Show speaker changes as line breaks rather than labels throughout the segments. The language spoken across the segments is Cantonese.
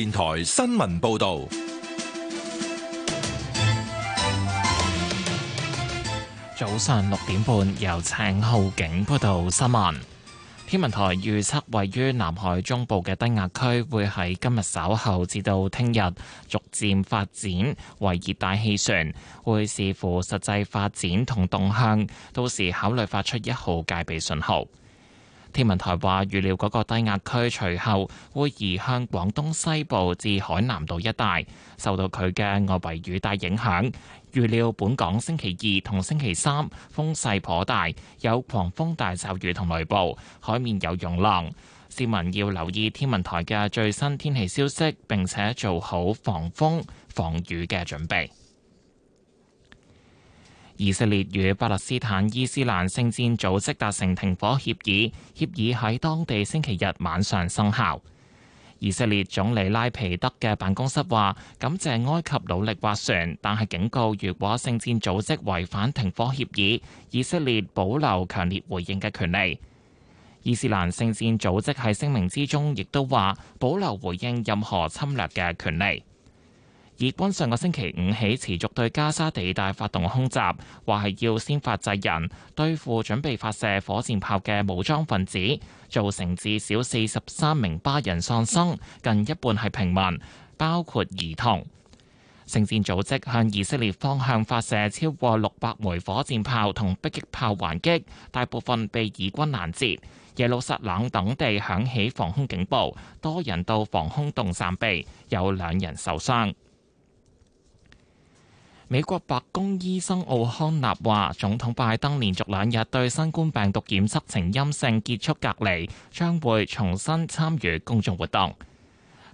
電台新聞報道，
早上六點半，由青浩景報道新聞。天文台預測，位於南海中部嘅低壓區會喺今日稍後至到聽日逐漸發展為熱帶氣旋，會視乎實際發展同動向，到時考慮發出一號戒備信號。天文台話，預料嗰個低壓區隨後會移向廣東西部至海南島一帶，受到佢嘅外圍雨帶影響。預料本港星期二同星期三風勢頗大，有狂風大驟雨同雷暴，海面有湧浪。市民要留意天文台嘅最新天氣消息，並且做好防風防雨嘅準備。以色列與巴勒斯坦伊斯蘭聖戰組織達成停火協議，協議喺當地星期日晚上生效。以色列總理拉皮德嘅辦公室話：感謝埃及努力斡旋，但係警告，如果聖戰組織違反停火協議，以色列保留強烈回應嘅權利。伊斯蘭聖戰組織喺聲明之中亦都話保留回應任何侵略嘅權利。以軍上個星期五起持續對加沙地帶發動空襲，話係要先發制人，對付準備發射火箭炮嘅武裝分子，造成至少四十三名巴人喪生，近一半係平民，包括兒童。聖戰組織向以色列方向發射超過六百枚火箭炮同迫擊炮還擊，大部分被以軍攔截。耶路撒冷等地響起防空警報，多人到防空洞暫避，有兩人受傷。美國白宮醫生奧康納話，總統拜登連續兩日對新冠病毒檢測呈陰性，結束隔離，將會重新參與公眾活動。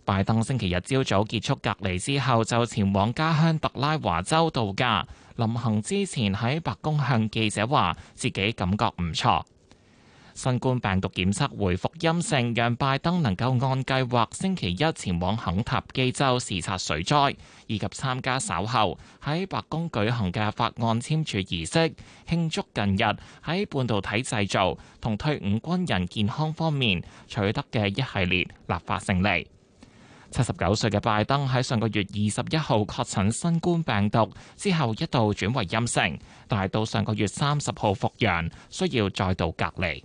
拜登星期日朝早結束隔離之後，就前往家鄉特拉華州度假。臨行之前喺白宮向記者話，自己感覺唔錯。新冠病毒檢測回復陰性，讓拜登能夠按計劃星期一前往肯塔基州視察水災，以及參加稍後喺白宮舉行嘅法案簽署儀式，慶祝近日喺半導體製造同退伍軍人健康方面取得嘅一系列立法勝利。七十九歲嘅拜登喺上個月二十一號確診新冠病毒之後，一度轉為陰性，但係到上個月三十號復陽，需要再度隔離。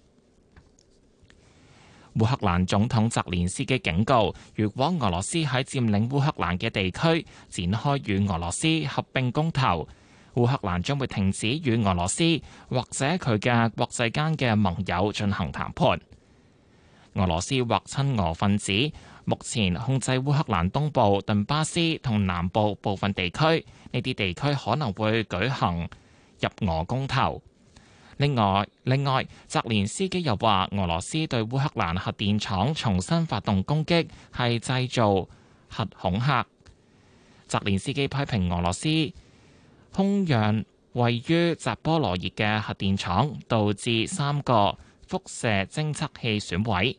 烏克蘭總統澤連斯基嘅警告，如果俄羅斯喺佔領烏克蘭嘅地區展開與俄羅斯合併公投，烏克蘭將會停止與俄羅斯或者佢嘅國際間嘅盟友進行談判。俄羅斯或親俄分子目前控制烏克蘭東部頓巴斯同南部部分地區，呢啲地區可能會舉行入俄公投。另外，另外，澤連斯基又話俄羅斯對烏克蘭核電廠重新發動攻擊係製造核恐嚇。澤連斯基批評俄羅斯空讓位於扎波羅熱嘅核電廠，導致三個輻射偵測器損毀，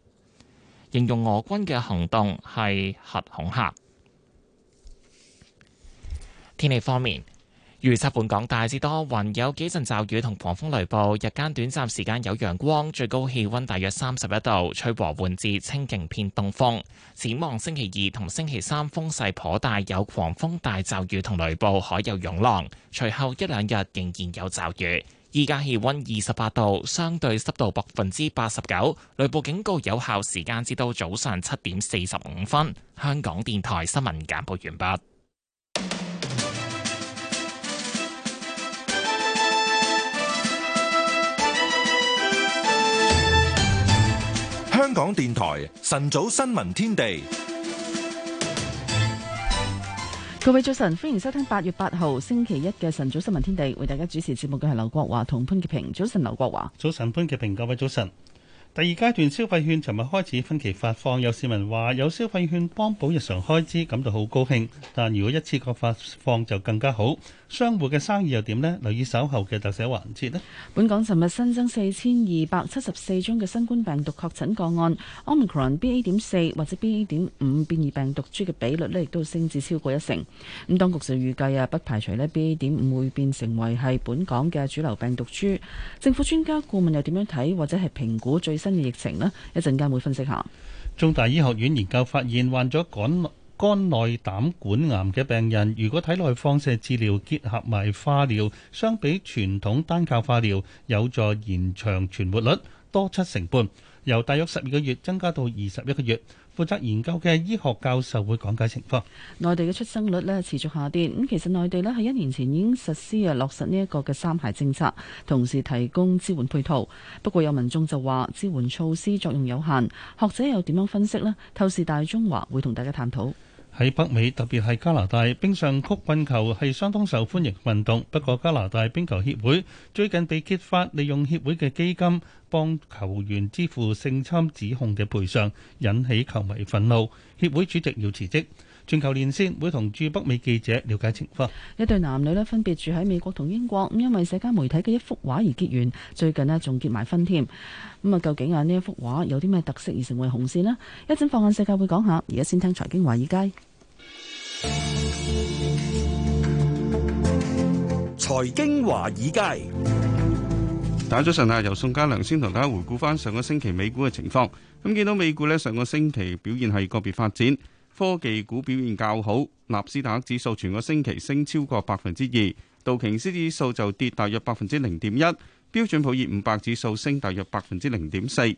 形容俄軍嘅行動係核恐嚇。天氣方面。預測本港大致多雲，有幾陣驟雨同狂風雷暴，日間短暫時間有陽光，最高氣溫大約三十一度，吹和緩至清勁偏東風。展望星期二同星期三風勢頗大，有狂風大驟雨同雷暴，海有湧浪。隨後一兩日仍然有驟雨。依家氣溫二十八度，相對濕度百分之八十九，雷暴警告有效時間至到早上七點四十五分。香港電台新聞簡報完畢。
香港電台晨早新聞天地，
各位早晨，歡迎收聽八月八號星期一嘅晨早新聞天地，為大家主持節目嘅係劉國華同潘潔平。早晨，劉國華，早晨，潘潔平，各位早晨。
第二階段消費券尋日開始分期發放，有市民話有消費券幫補日常開支，感到好高興。但如果一次過發放就更加好。商戶嘅生意又點呢？留意稍後嘅特寫環節咧。
本港尋日新增四千二百七十四宗嘅新冠病毒確診個案，Omicron BA. 點四或者 BA. 點五變異病毒株嘅比率咧，亦都升至超過一成。咁當局就預計啊，不排除咧 BA. 點五會變成為係本港嘅主流病毒株。政府專家顧問又點樣睇或者係評估最新嘅疫情呢？一陣間會分析下。
中大醫學院研究發現患，患咗感冒。肝內膽管癌嘅病人，如果體內放射治療結合埋化療，相比傳統單靠化療，有助延長存活率多七成半，由大約十二個月增加到二十一個月。負責研究嘅醫學教授會講解情況。
內地嘅出生率呢持續下跌，咁其實內地呢喺一年前已經實施啊，落實呢一個嘅三孩政策，同時提供支援配套。不過有民眾就話支援措施作用有限，學者又點樣分析呢？透視大中華會同大家探討。
喺北美，特別係加拿大，冰上曲棍球係相當受歡迎運動。不過，加拿大冰球協會最近被揭發利用協會嘅基金幫球員支付性侵指控嘅賠償，引起球迷憤怒。協會主席要辭職。全球連線會同駐北美記者了解情況。
一對男女咧分別住喺美國同英國，咁因為社交媒體嘅一幅畫而結緣，最近啊仲結埋婚添。咁啊，究竟啊呢一幅畫有啲咩特色而成為紅線咧？一陣放眼世界會講下，而家先聽財經華爾街。
財經華爾街，打咗陣啊，由宋家良先同大家回顧翻上個星期美股嘅情況。咁見到美股咧上個星期表現係個別發展。科技股表現較好，納斯達克指數全個星期升超過百分之二，道瓊斯指數就跌大約百分之零點一，標準普爾五百指數升大約百分之零點四。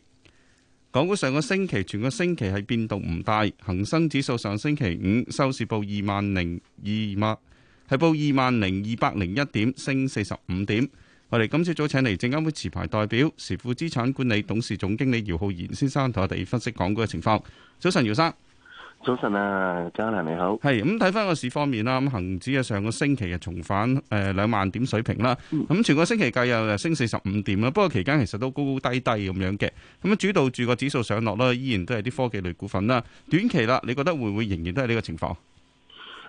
港股上個星期全個星期係變動唔大，恒生指數上星期五收市報二萬零二百，係報二萬零二百零一點，升四十五點。我哋今朝早請嚟證監會持牌代表、時富資產管理董事總經理姚浩然先生，同我哋分析港股嘅情況。早晨，姚生。早晨啊，嘉良你好。係咁睇翻個市方面啦，咁恒指啊上個星期啊重返誒兩萬點水平啦，咁、嗯、全個星期計又升四十五點啦。不過期間其實都高高低低咁樣嘅，咁主導住個指數上落啦，依然都係啲科技類股份啦。短期啦，你覺得會唔會仍然都係呢個情況？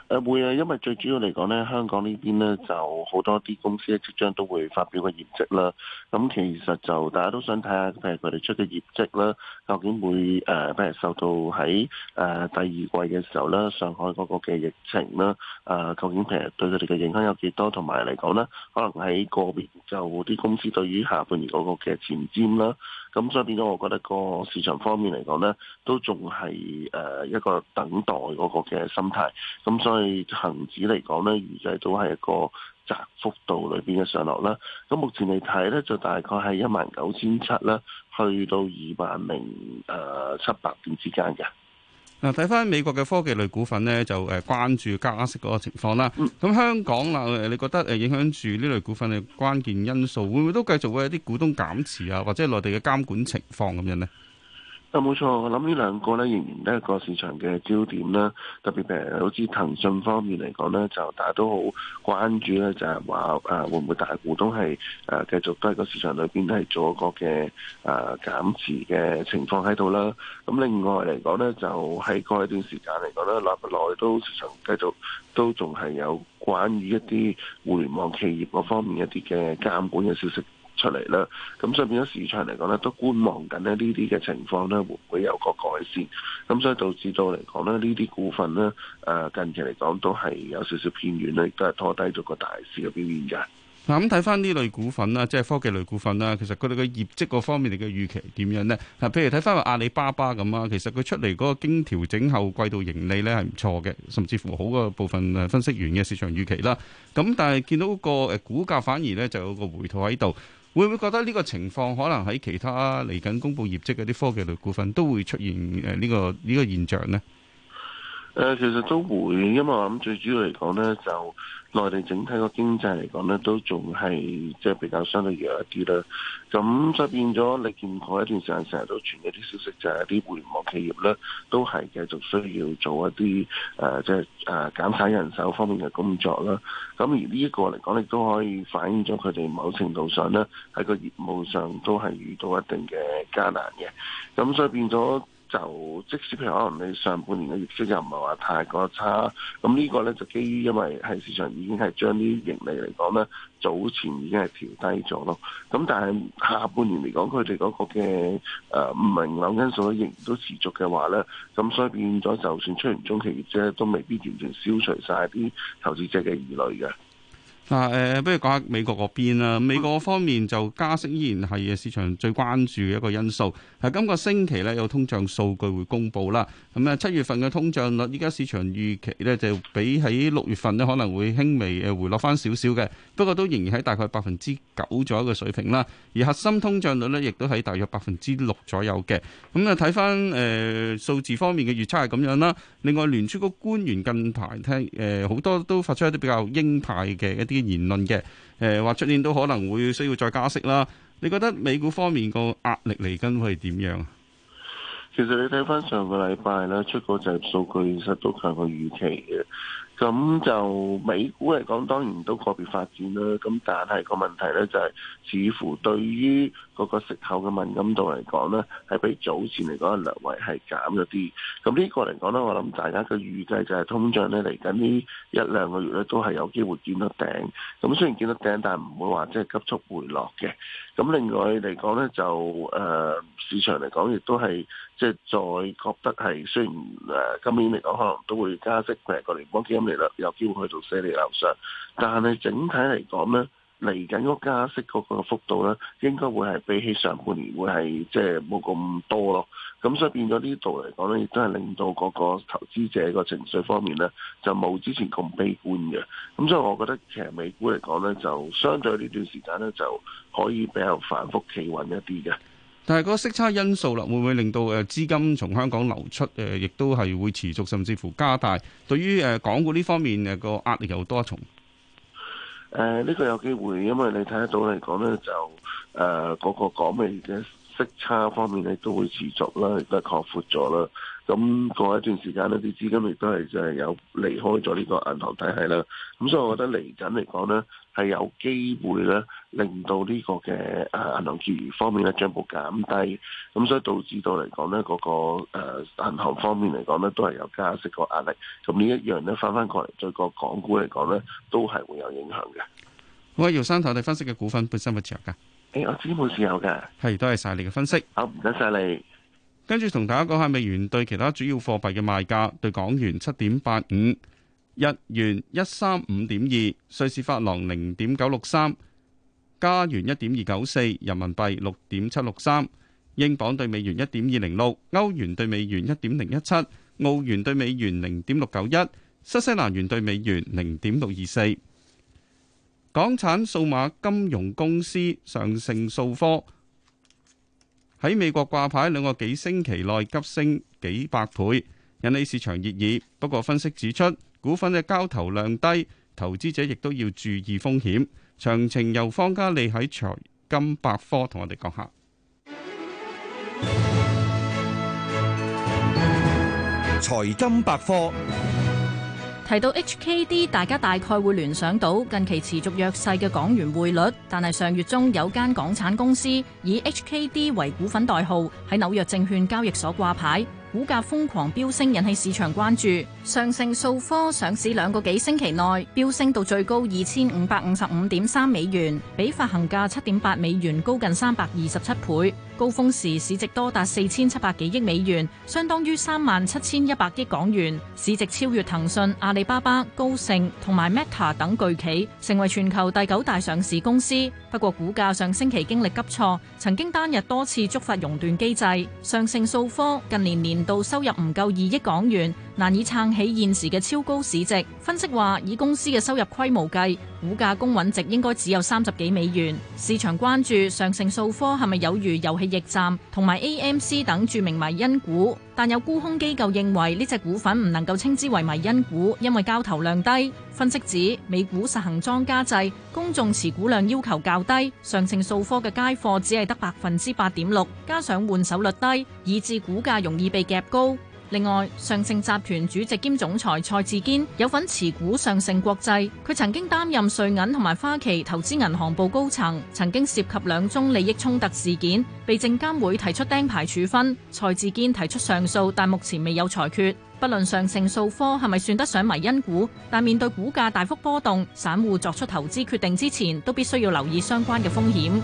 誒會啊，因為最主要嚟講咧，香港呢邊咧就好多啲公司咧，即將都會發表個業績啦。咁其實就大家都想睇下，譬如佢哋出嘅業績啦，究竟會誒、呃，譬如受到喺誒、呃、第二季嘅時候咧，上海嗰個嘅疫情啦，誒、呃、究竟平日對佢哋嘅影響有幾多？同埋嚟講咧，可能喺個別就啲公司對於下半年嗰個嘅前瞻啦。咁所以變咗，我覺得個市場方面嚟講咧，都仲係誒一個等待嗰個嘅心態。咁所以恒指嚟講咧，預計都係一個窄幅度裏邊嘅上落啦。咁目前嚟睇咧，就大概係一萬九千七啦，去到二萬零誒七百點之間嘅。
嗱，睇翻美國嘅科技類股份呢，就誒關注加息嗰個情況啦。咁香港啦，你覺得誒影響住呢類股份嘅關鍵因素，會唔會都繼續會有啲股東減持啊，或者係內地嘅監管情況咁樣呢？
冇錯，我諗呢兩個咧，仍然都係個市場嘅焦點啦。特別誒，好似騰訊方面嚟講咧，就大家都好關注咧，就係話誒會唔會大股東係誒、啊、繼續都喺個市場裏邊都係做一個嘅誒減持嘅情況喺度啦。咁、啊、另外嚟講咧，就喺過去一段時間嚟講咧，立內都市場繼續都仲係有關於一啲互聯網企業嗰方面一啲嘅監管嘅消息，出嚟啦，咁所以變咗市場嚟講咧，都觀望緊咧呢啲嘅情況咧，會唔會有個改善？咁、嗯、所以導致到嚟講呢，呢啲股份咧，誒、啊，近期嚟講都係有少少偏遠咧，亦都係拖低咗個大市嘅表現噶。嗱、嗯，
咁睇翻呢類股份啦，即係科技類股份啦，其實佢哋嘅業績個方面嚟嘅預期點樣呢？嗱，譬如睇翻阿里巴巴咁啊，其實佢出嚟嗰個經調整後季度盈利咧係唔錯嘅，甚至乎好過部分分析員嘅市場預期啦。咁但係見到個誒股價反而咧就有個回吐喺度。會唔會覺得呢個情況可能喺其他嚟緊公佈業績嘅啲科技類股份都會出現誒、呢個、呢個呢、呢個現象呢？
誒、呃，其實都會，因為咁最主要嚟講咧就。內地整體個經濟嚟講咧，都仲係即係比較相對弱一啲啦。咁所以變咗，你見過一段時間，成日都傳一啲消息，就係啲互聯網企業咧，都係繼續需要做一啲誒即係誒減省人手方面嘅工作啦。咁而呢一個嚟講，亦都可以反映咗佢哋某程度上咧，喺個業務上都係遇到一定嘅艱難嘅。咁所以變咗。就即使譬如可能你上半年嘅業績又唔係話太過差，咁呢個咧就基於因為喺市場已經係將啲盈利嚟講咧，早前已經係調低咗咯。咁但係下半年嚟講，佢哋嗰個嘅誒唔明朗因素仍然都持續嘅話咧，咁所以變咗，就算出完中期業績都未必完全消除晒啲投資者嘅疑慮嘅。
嗱，誒，不如講下美國嗰邊啦。美國方面就加息依然係市場最關注嘅一個因素。喺今個星期咧，有通脹數據會公布啦。咁啊，七月份嘅通脹率，依家市場預期咧就比起六月份咧可能會輕微誒回落翻少少嘅，不過都仍然喺大概百分之九左右嘅水平啦。而核心通脹率呢，亦都喺大約百分之六左右嘅。咁啊，睇翻誒數字方面嘅預測係咁樣啦。另外，聯儲局官員近排聽誒好多都發出一啲比較鷹派嘅一啲言論嘅，誒話出年都可能會需要再加息啦。你覺得美股方面個壓力嚟緊會係點樣啊？
其實你睇翻上個禮拜咧出個就業數據，其實都強過預期嘅。咁就美股嚟講，當然都個別發展啦。咁但係個問題咧就係，似乎對於嗰個息口嘅敏感度嚟講咧，係比早前嚟講略為係減咗啲。咁呢個嚟講咧，我諗大家嘅預計就係通脹咧嚟緊呢一兩個月咧都係有機會見到頂。咁雖然見到頂，但係唔會話即係急速回落嘅。咁另外嚟講咧，就誒、呃、市場嚟講亦都係即係再覺得係雖然誒今年嚟講可能都會加息，誒個聯邦基金利率有機會去做四釐頭上，但係整體嚟講咧。嚟緊個加息嗰個幅度咧，應該會係比起上半年會係即係冇咁多咯。咁所以變咗呢度嚟講咧，亦都係令到嗰個投資者個情緒方面咧，就冇之前咁悲觀嘅。咁所以我覺得其實美股嚟講咧，就相對呢段時間咧，就可以比較反覆企穩一啲嘅。但
係個息差因素啦，會唔會令到誒資金從香港流出？誒，亦都係會持續甚至乎加大，對於誒港股呢方面誒個壓力有多重？
誒呢、uh, 個有機會，因為你睇得到嚟講咧，就誒嗰、uh, 個港美嘅息差方面咧，都會持續啦，亦都係擴闊咗啦。咁過一段時間呢啲資金亦都係就係有離開咗呢個銀行體系啦。咁所以我覺得嚟緊嚟講咧，係有機會咧，令到呢個嘅啊，銀行結餘方面咧，漲幅減低，咁所以導致到嚟講咧，嗰個誒、呃、銀行方面嚟講咧，都係有加息個壓力。咁呢一樣咧，翻翻過嚟對個港股嚟講咧，都係會有影響嘅。
好喂，姚生、欸，我哋分析嘅股份本身有冇著噶？誒，我資金冇持有嘅。係，多謝晒你嘅分析。好，唔該晒你。跟住同大家講下美元對其他主要貨幣嘅賣價，對港元七點八五。日元一三五點二，瑞士法郎零點九六三，加元一點二九四，人民幣六點七六三，英鎊兌美元一點二零六，歐元兌美元一點零一七，澳元兌美元零點六九一，新西蘭元兌美元零點六二四。港產數碼金融公司尚乘數科喺美國掛牌兩個幾星期內急升幾百倍，引起市場熱議，不過分析指出。股份嘅交投量低，投資者亦都要注意風險。詳情由方家利喺財金百科同我哋講下
財金百科。
提到 HKD，大家大概會聯想到近期持續弱勢嘅港元匯率。但係上月中有間港產公司以 HKD 為股份代號喺紐約證券交易所掛牌，股價瘋狂飆升，引起市場關注。尚乘數科上市兩個幾星期內飆升到最高二千五百五十五點三美元，比發行價七點八美元高近三百二十七倍。高峰時市值多達四千七百幾億美元，相當於三萬七千一百億港元，市值超越騰訊、阿里巴巴、高盛同埋 Meta 等巨企，成為全球第九大上市公司。不過股價上星期經歷急挫，曾經單日多次觸發熔斷機制。尚乘數科近年年度收入唔夠二億港元。難以撐起現時嘅超高市值，分析話以公司嘅收入規模計，股價公允值應該只有三十幾美元。市場關注尚乘數科係咪有如遊戲驛站同埋 AMC 等著名迷因股，但有沽空機構認為呢隻、這個、股份唔能夠稱之為迷因股，因為交投量低。分析指美股實行莊家制，公眾持股量要求較低，尚乘數科嘅街貨只係得百分之八點六，加上換手率低，以致股價容易被夾高。另外，上盛集團主席兼總裁蔡志堅有份持股上盛國際。佢曾經擔任瑞銀同埋花旗投資銀行部高層，曾經涉及兩宗利益衝突事件，被證監會提出釘牌處分。蔡志堅提出上訴，但目前未有裁決。不論上盛數科係咪算得上迷因股，但面對股價大幅波動，散戶作出投資決定之前，都必須要留意相關嘅風險。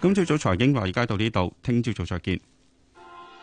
咁，朝早財經話事街到呢度，聽朝早再見。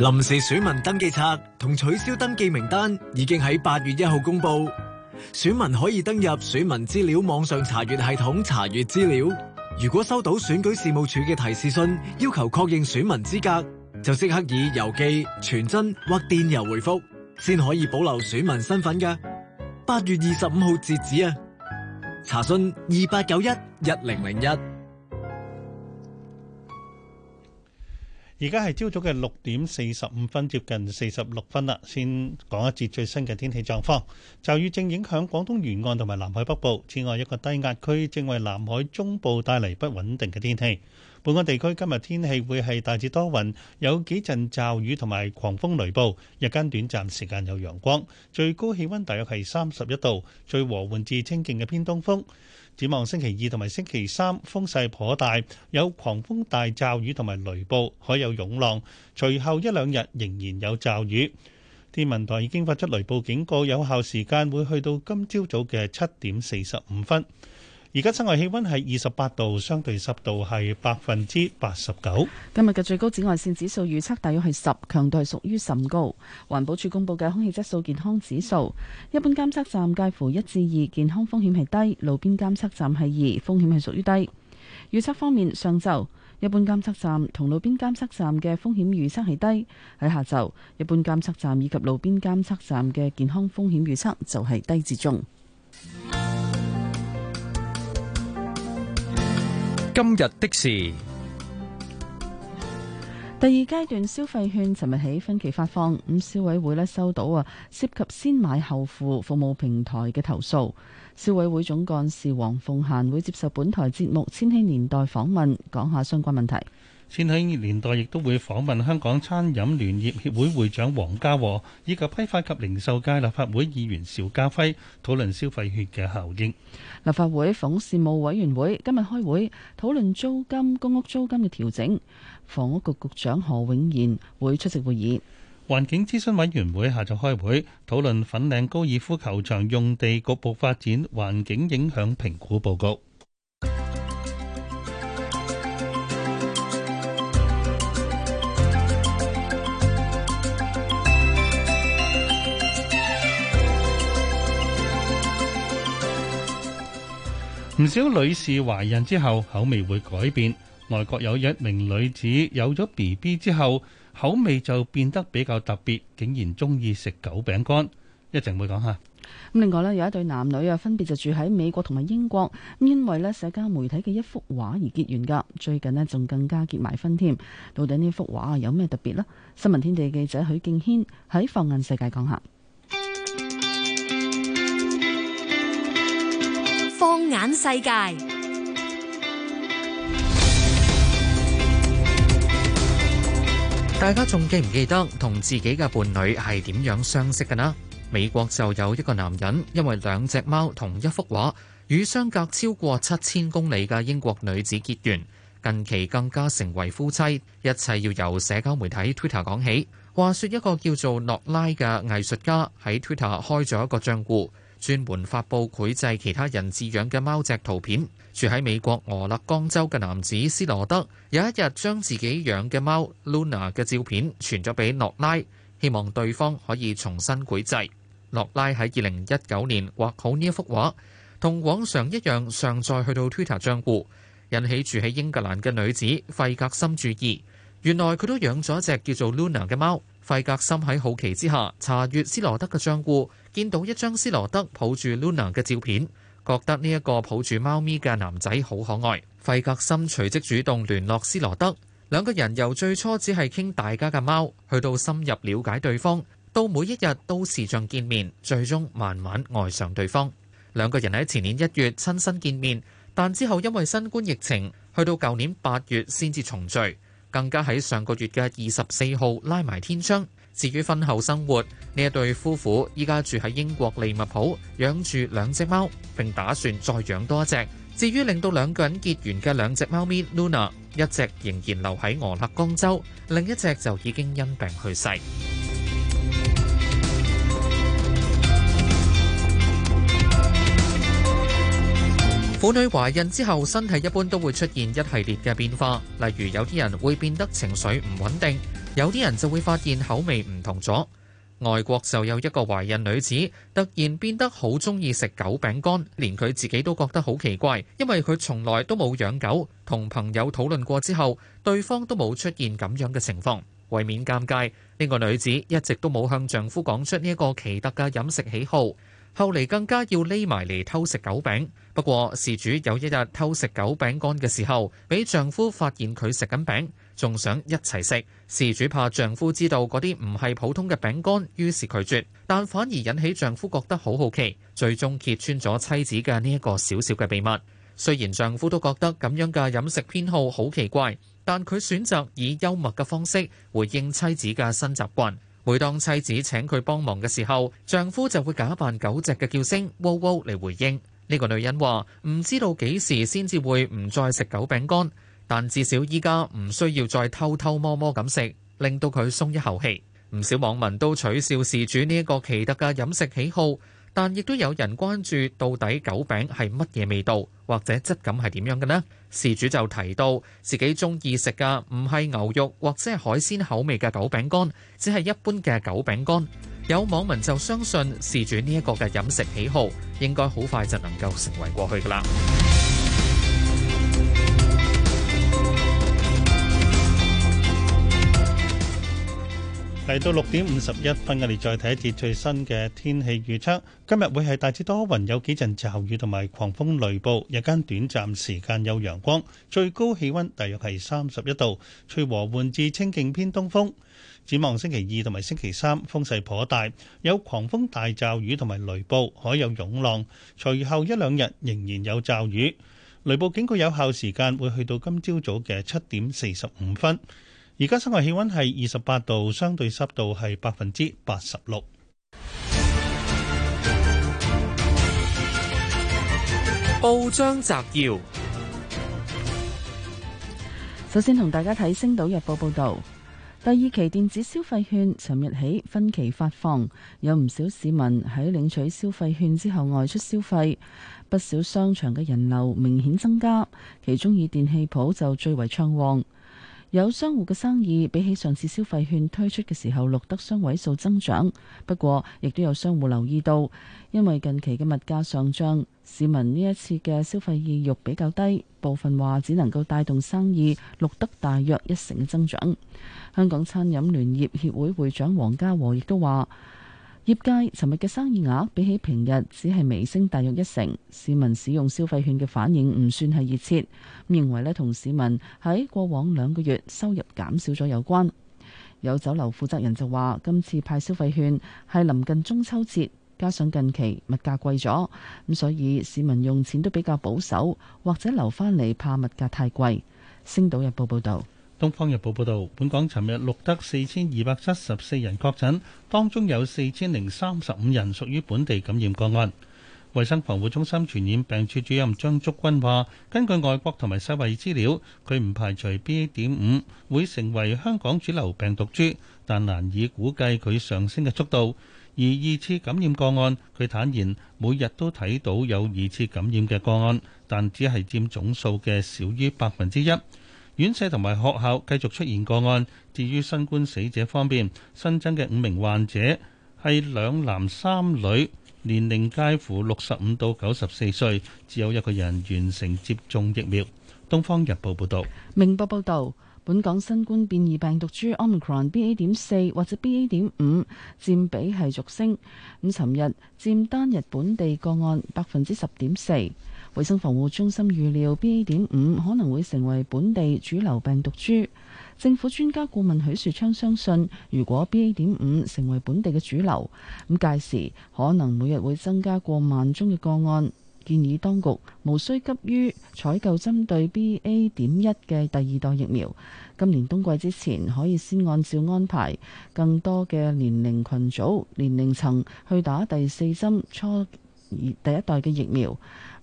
臨時選民登記冊同取消登記名單已經喺八月一號公佈，選民可以登入選民資料網上查閱系統查閱資料。如果收到選舉事務處嘅提示信，要求確認選民資格，就即刻以郵寄、傳真或電郵回覆，先可以保留選民身份嘅。八月二十五號截止啊！查詢二八九一一零零
一。而家係朝早嘅六點四十五分，接近四十六分啦。先講一節最新嘅天氣狀況。驟雨正影響廣東沿岸同埋南海北部，此外一個低壓區正為南海中部帶嚟不穩定嘅天氣。本港地區今日天氣會係大致多雲，有幾陣驟雨同埋狂風雷暴，日間短暫時間有陽光，最高氣溫大約係三十一度，最和緩至清勁嘅偏東風。展望星期二同埋星期三，風勢頗大，有狂風大驟雨同埋雷暴，可有湧浪，隨後一兩日仍然有驟雨。天文台已經發出雷暴警告，有效時間會去到今朝早嘅七點四十五分。而家室外氣溫係二十八度，相對濕度係百分之八十九。
今日嘅最高紫外綫指數預測大約係十，強度係屬於甚高。環保署公布嘅空氣質素健康指數，一般監測站介乎一至二，健康風險係低；路邊監測站係二，風險係屬於低。預測方面，上晝一般監測站同路邊監測站嘅風險預測係低；喺下晝，一般監測站以及路邊監測站嘅健康風險預測就係低至中。
今日的事，
第二階段消費券尋日起分期發放，咁消委會咧，收到啊涉及先買後付服務平台嘅投訴。消委會總幹事黃鳳嫻會接受本台節目《千禧年代》訪問，講下相關問題。
先喺年代亦都會訪問香港餐飲聯業協會會長黃家和，以及批發及零售界立法會議員邵家輝，討論消費血嘅效應。
立法會房事務委員會今日開會討論租金公屋租金嘅調整，房屋局局長何永賢會出席會議。
環境諮詢委員會下晝開會討論粉嶺高爾夫球場用地局部發展環境影響評估報告。唔少女士懷孕之後口味會改變，外國有一名女子有咗 B B 之後口味就變得比較特別，竟然中意食狗餅乾，講一陣會講下。
咁另外咧有一對男女啊，分別就住喺美國同埋英國，因為咧社交媒體嘅一幅畫而結緣噶，最近咧仲更加結埋婚添。到底呢幅畫有咩特別呢？新聞天地記者許敬軒喺放眼世界講下。
眼世界，
大家仲記唔記得同自己嘅伴侶係點樣相識嘅呢？美國就有一個男人，因為兩隻貓同一幅畫，與相隔超過七千公里嘅英國女子結緣，近期更加成為夫妻。一切要由社交媒體 Twitter 講起。話說一個叫做諾拉嘅藝術家喺 Twitter 開咗一個賬戶。專門發布繪製其他人飼養嘅貓隻圖片。住喺美國俄勒岡州嘅男子斯羅德有一日將自己養嘅貓 Luna 嘅照片傳咗俾諾拉，希望對方可以重新繪製。諾拉喺二零一九年畫好呢一幅畫，同往常一樣上載去到 Twitter 賬戶，引起住喺英格蘭嘅女子費格森注意。原來佢都養咗一隻叫做 Luna 嘅貓。費格森喺好奇之下查閱斯羅德嘅賬戶，見到一張斯羅德抱住 Luna 嘅照片，覺得呢一個抱住貓咪嘅男仔好可愛。費格森隨即主動聯絡斯羅德，兩個人由最初只係傾大家嘅貓，去到深入了解對方，到每一日都視像見面，最終慢慢愛上對方。兩個人喺前年一月親身見面，但之後因為新冠疫情，去到舊年八月先至重聚。更加喺上個月嘅二十四號拉埋天窗。至於婚後生活，呢一對夫婦依家住喺英國利物浦，養住兩隻貓，並打算再養多一隻。至於令到兩個人結緣嘅兩隻貓咪 Luna，一隻仍然留喺俄勒岡州，另一隻就已經因病去世。婦女懷孕之後，身體一般都會出現一系列嘅變化，例如有啲人會變得情緒唔穩定，有啲人就會發現口味唔同咗。外國就有一個懷孕女子突然變得好鍾意食狗餅乾，連佢自己都覺得好奇怪，因為佢從來都冇養狗。同朋友討論過之後，對方都冇出現咁樣嘅情況。為免尷尬，呢個女子一直都冇向丈夫講出呢一個奇特嘅飲食喜好。後嚟更加要匿埋嚟偷食狗餅，不過事主有一日偷食狗餅乾嘅時候，俾丈夫發現佢食緊餅，仲想一齊食。事主怕丈夫知道嗰啲唔係普通嘅餅乾，於是拒絕，但反而引起丈夫覺得好好奇，最終揭穿咗妻子嘅呢一個小小嘅秘密。雖然丈夫都覺得咁樣嘅飲食偏好好奇怪，但佢選擇以幽默嘅方式回應妻子嘅新習慣。每當妻子請佢幫忙嘅時候，丈夫就會假扮狗隻嘅叫聲汪汪嚟回應。呢、這個女人話：唔知道幾時先至會唔再食狗餅乾，但至少依家唔需要再偷偷摸摸咁食，令到佢鬆一口氣。唔少網民都取笑事主呢一個奇特嘅飲食喜好。但亦都有人關注，到底狗餅係乜嘢味道，或者質感係點樣嘅呢？事主就提到自己中意食㗎唔係牛肉或者係海鮮口味嘅狗餅乾，只係一般嘅狗餅乾。有網民就相信事主呢一個嘅飲食喜好，應該好快就能夠成為過去㗎喇。
嚟到六點五十一分，我哋再睇一節最新嘅天氣預測。今日會係大致多雲，有幾陣驟雨同埋狂風雷暴，日間短暫時間有陽光，最高氣溫大約係三十一度，吹和緩至清勁偏東風。展望星期二同埋星期三風勢頗大，有狂風大驟雨同埋雷暴，海有湧浪。隨後一兩日仍然有驟雨。雷暴警告有效時間會去到今朝早嘅七點四十五分。而家室外氣溫係二十八度，相對濕度係百分之八十六。報章摘要：
首先同大家睇《星島日報》報導，第二期電子消費券尋日起分期發放，有唔少市民喺領取消費券之後外出消費，不少商場嘅人流明顯增加，其中以電器鋪就最為暢旺。有商戶嘅生意比起上次消費券推出嘅時候錄得雙位數增長，不過亦都有商戶留意到，因為近期嘅物價上漲，市民呢一次嘅消費意欲比較低，部分話只能夠帶動生意錄得大約一成嘅增長。香港餐飲聯業協會會長黃家和亦都話。業界尋日嘅生意額比起平日只係微升大約一成，市民使用消費券嘅反應唔算係熱切，認為呢同市民喺過往兩個月收入減少咗有關。有酒樓負責人就話，今次派消費券係臨近中秋節，加上近期物價貴咗，咁所以市民用錢都比較保守，或者留翻嚟怕物價太貴。星島日報報道。
《東方日報》報導，本港尋日錄得四千二百七十四人確診，當中有四千零三十五人屬於本地感染個案。衞生防護中心傳染病處主任張竹君話，根據外國同埋世衞資料，佢唔排除 BA.5 會成為香港主流病毒株，但難以估計佢上升嘅速度。而二次感染個案，佢坦言每日都睇到有二次感染嘅個案，但只係佔總數嘅少於百分之一。院舍同埋學校繼續出現個案。至於新冠死者方面，新增嘅五名患者係兩男三女，年齡介乎六十五到九十四歲，只有一個人完成接種疫苗。《東方日報》報道。
《明報》報道，本港新冠變異病毒株 Omicron BA. 點四或者 BA. 點五佔比係續升。咁，尋日佔單日本地個案百分之十點四。衛生防護中心預料 B A. 點五可能會成為本地主流病毒株。政府專家顧問許樹昌相信，如果 B A. 點五成為本地嘅主流，咁屆時可能每日會增加過萬宗嘅個案。建議當局無需急於採購針對 B A. 點一嘅第二代疫苗，今年冬季之前可以先按照安排更多嘅年齡群組、年齡層去打第四針初第一代嘅疫苗。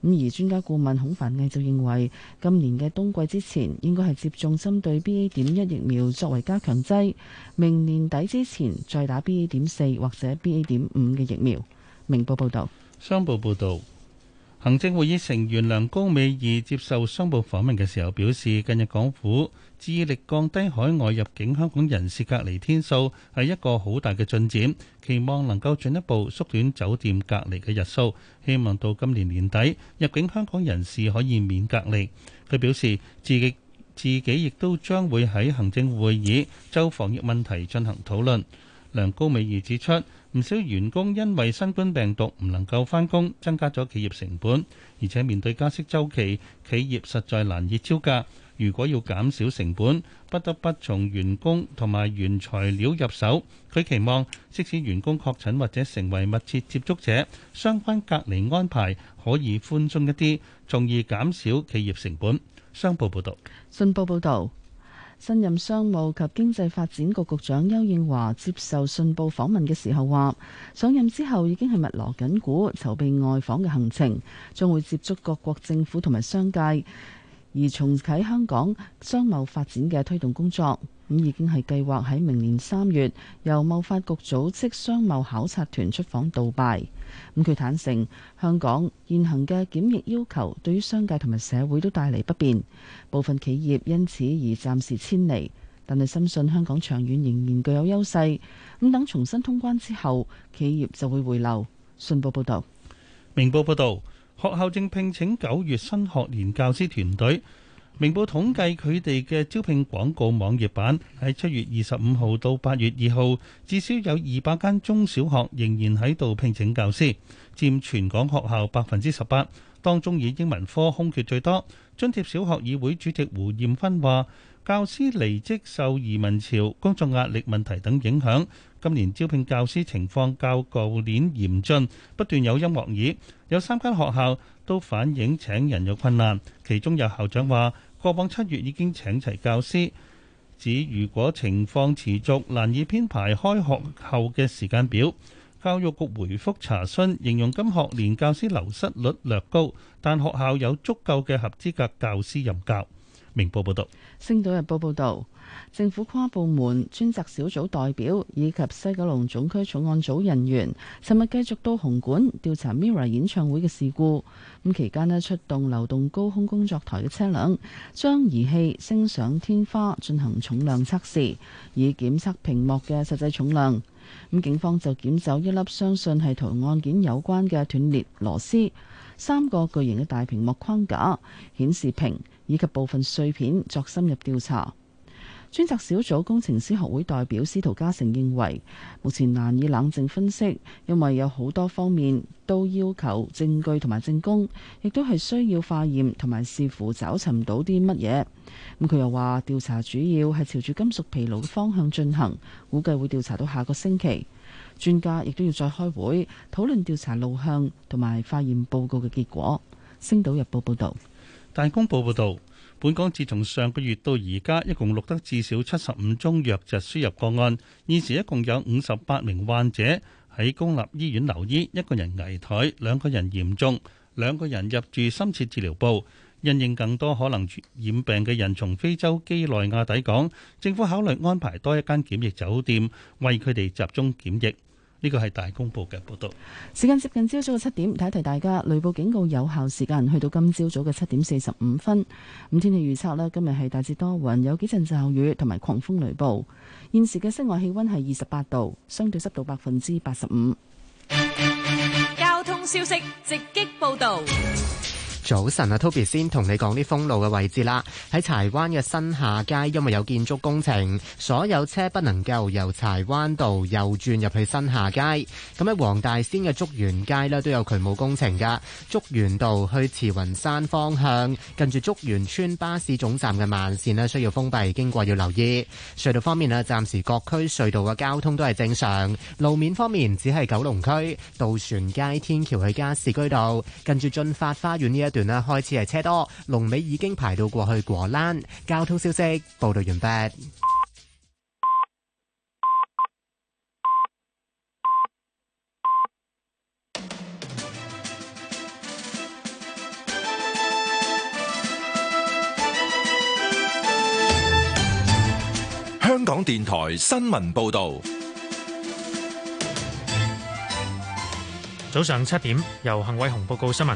咁而專家顧問孔凡毅就認為，今年嘅冬季之前應該係接種針對 B A. 點一疫苗作為加強劑，明年底之前再打 B A. 點四或者 B A. 點五嘅疫苗。明報報導，
商報報導。行政會議成員梁高美儀接受商報訪問嘅時候表示，近日港府致力降低海外入境香港人士隔離天數，係一個好大嘅進展，期望能夠進一步縮短酒店隔離嘅日數，希望到今年年底入境香港人士可以免隔離。佢表示，自己自己亦都將會喺行政會議就防疫問題進行討論。梁高美儀指出，唔少員工因為新冠病毒唔能夠翻工，增加咗企業成本，而且面對加息週期，企業實在難以招架。如果要減少成本，不得不從員工同埋原材料入手。佢期望即使員工確診或者成為密切接觸者，相關隔離安排可以寬鬆一啲，從而減少企業成本。商
報報導，
信報報道。新任商務及經濟發展局局長邱應華接受信報訪問嘅時候話，上任之後已經係密鑼緊鼓籌備外訪嘅行程，將會接觸各國政府同埋商界，而重啟香港商貿發展嘅推動工作。咁已經係計劃喺明年三月由貿發局組織商貿考察團出訪杜拜。咁佢坦承，香港現行嘅檢疫要求對於商界同埋社會都帶嚟不便，部分企業因此而暫時遷離。但係深信香港長遠仍然具有優勢。咁等重新通關之後，企業就會回流。信報報道。
明報報道，學校正聘請九月新學年教師團隊。明報統計佢哋嘅招聘廣告網頁版喺七月二十五號到八月二號，至少有二百間中小學仍然喺度聘請教師，佔全港學校百分之十八。當中以英文科空缺最多。津貼小學議會主席胡艷芬話：教師離職受移民潮、工作壓力問題等影響，今年招聘教師情況較舊年嚴峻，不斷有音樂椅。有三間學校都反映請人有困難，其中有校長話：過往七月已經請齊教師，指如果情況持續，難以編排開學後嘅時間表。教育局回覆查詢，形容今學年教師流失率略高，但學校有足夠嘅合資格教師任教。明報報道。
星島日報報道。政府跨部門專責小組代表以及西九龍總區重案組人員，尋日繼續到紅館調查 MIRROR 演唱會嘅事故。咁期間呢，出動流動高空工作台嘅車輛，將儀器升上天花進行重量測試，以檢測屏幕嘅實際重量。咁警方就檢走一粒相信係同案件有關嘅斷裂螺絲、三個巨型嘅大屏幕框架、顯示屏以及部分碎片作深入調查。專責小組工程師學會代表司徒家成認為，目前難以冷靜分析，因為有好多方面都要求證據同埋證供，亦都係需要化驗同埋視乎找尋到啲乜嘢。咁佢又話，調查主要係朝住金屬疲勞嘅方向進行，估計會調查到下個星期。專家亦都要再開會討論調查路向同埋化驗報告嘅結果。星島日報報道，
大公報報道。本港自從上個月到而家，一共錄得至少七十五宗瘧疾輸入個案，現時一共有五十八名患者喺公立醫院留醫，一個人危殆，兩個人嚴重，兩個人入住深切治療部。因應更多可能染病嘅人從非洲幾內亞抵港，政府考慮安排多一間檢疫酒店為佢哋集中檢疫。呢個係大公報嘅報道。
時間接近朝早嘅七點，提一提大家，雷暴警告有效時間去到今朝早嘅七點四十五分。咁、嗯、天氣預測咧，今日係大致多雲，有幾陣驟雨同埋狂風雷暴。現時嘅室外氣溫係二十八度，相對濕度百分之八十五。
交通消息直擊報道。
早晨啊，Toby 先同你講啲封路嘅位置啦。喺柴灣嘅新下街，因為有建築工程，所有車不能夠由柴灣道右轉入去新下街。咁喺黃大仙嘅竹園街咧，都有渠務工程嘅，竹園道去慈雲山方向，近住竹園村巴士總站嘅慢線咧需要封閉，經過要留意。隧道方面咧，暫時各區隧道嘅交通都係正常。路面方面，只係九龍區渡船街天橋喺加士居道，近住駿發花園呢一。段啦，開始係車多，龍尾已經排到過去果欄。交通消息報導完畢。
香港電台新聞報導，早上七點
由幸偉雄報告新聞。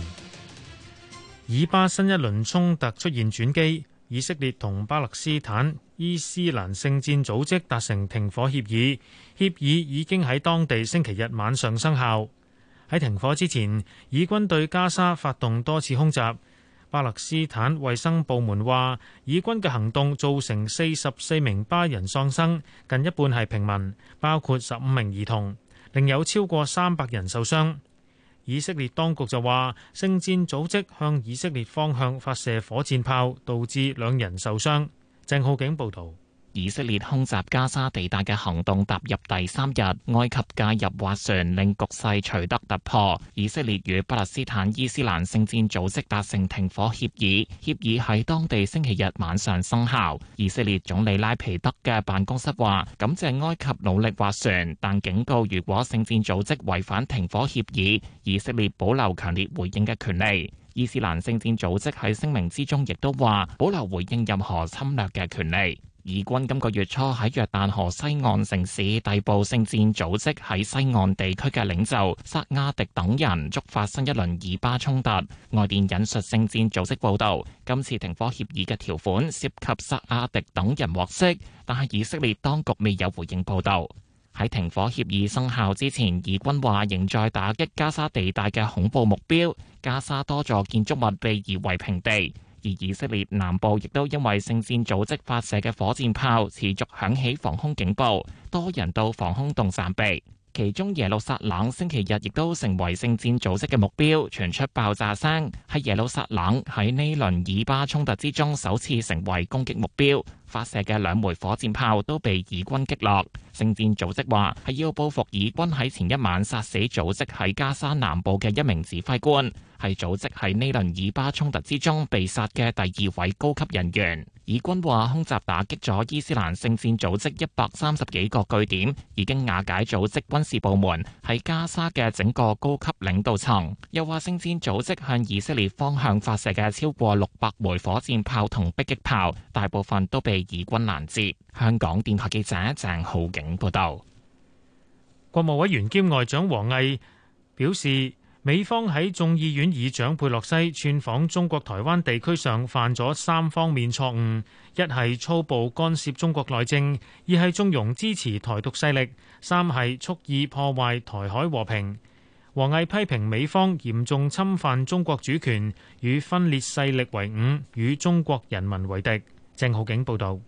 以巴新一輪衝突出現轉機，以色列同巴勒斯坦伊斯蘭聖戰組織達成停火協議，協議已經喺當地星期日晚上生效。喺停火之前，以軍對加沙發動多次空襲。巴勒斯坦衛生部門話，以軍嘅行動造成四十四名巴人喪生，近一半係平民，包括十五名兒童，另有超過三百人受傷。以色列當局就話，聖戰組織向以色列方向發射火箭炮，導致
兩人受傷。鄭浩景報導。以色列空襲加沙地帶嘅行動踏入第三日，埃及介入斡旋，令局勢取得突破。以色列與巴勒斯坦伊斯蘭聖戰組織達成停火協議，協議喺當地星期日晚上生效。以色列總理拉皮德嘅辦公室話，感謝埃及努力斡旋，但警告如果聖戰組織違反停火協議，以色列保留強烈回應嘅權利。伊斯蘭聖戰組織喺聲明之中亦都話保留回應任何侵略嘅權利。以軍今個月初喺約旦河西岸城市逮捕聖戰組織喺西岸地區嘅領袖薩亞迪等人，觸發新一輪以巴衝突。外電引述聖戰組織報道，今次停火協議嘅條款涉及薩亞迪等人獲釋，但係以色列當局未有回應報道。喺停火協議生效之前，以軍話仍在打擊加沙地帶嘅恐怖目標，加沙多座建築物被夷為平地。而以色列南部亦都因為聖戰組織發射嘅火箭炮持續響起防空警報，多人到防空洞暫避。其中耶路撒冷星期日亦都成為聖戰組織嘅目標，傳出爆炸聲，喺耶路撒冷喺呢輪以巴衝突之中首次成為攻擊目標。發射嘅兩枚火箭炮都被以軍擊落。聖戰組織話係要報復以軍喺前一晚殺死組織喺加沙南部嘅一名指揮官，係組織喺呢輪以巴衝突之中被殺嘅第二位高級人員。以軍話空襲打擊咗伊斯蘭聖戰組織一百三十幾個據點，已經瓦解組織軍事部門喺加沙嘅整個高級領導層。又話聖戰組織向以色列方向發射嘅超過六百枚火箭炮同迫擊炮，大部分都被。以軍難支。香港電台記者鄭浩景報道，國務委員兼外長王毅表示，美方
喺眾議院議長佩洛西竄訪中國台灣地區上犯咗三方面錯誤：一係粗暴干涉中國內政；二係縱容支持台獨勢力；三係蓄意破壞台海和平。王毅批評美方嚴重侵犯中國主權，與分裂勢力為伍，與中國人民為敵。鄭浩景報道，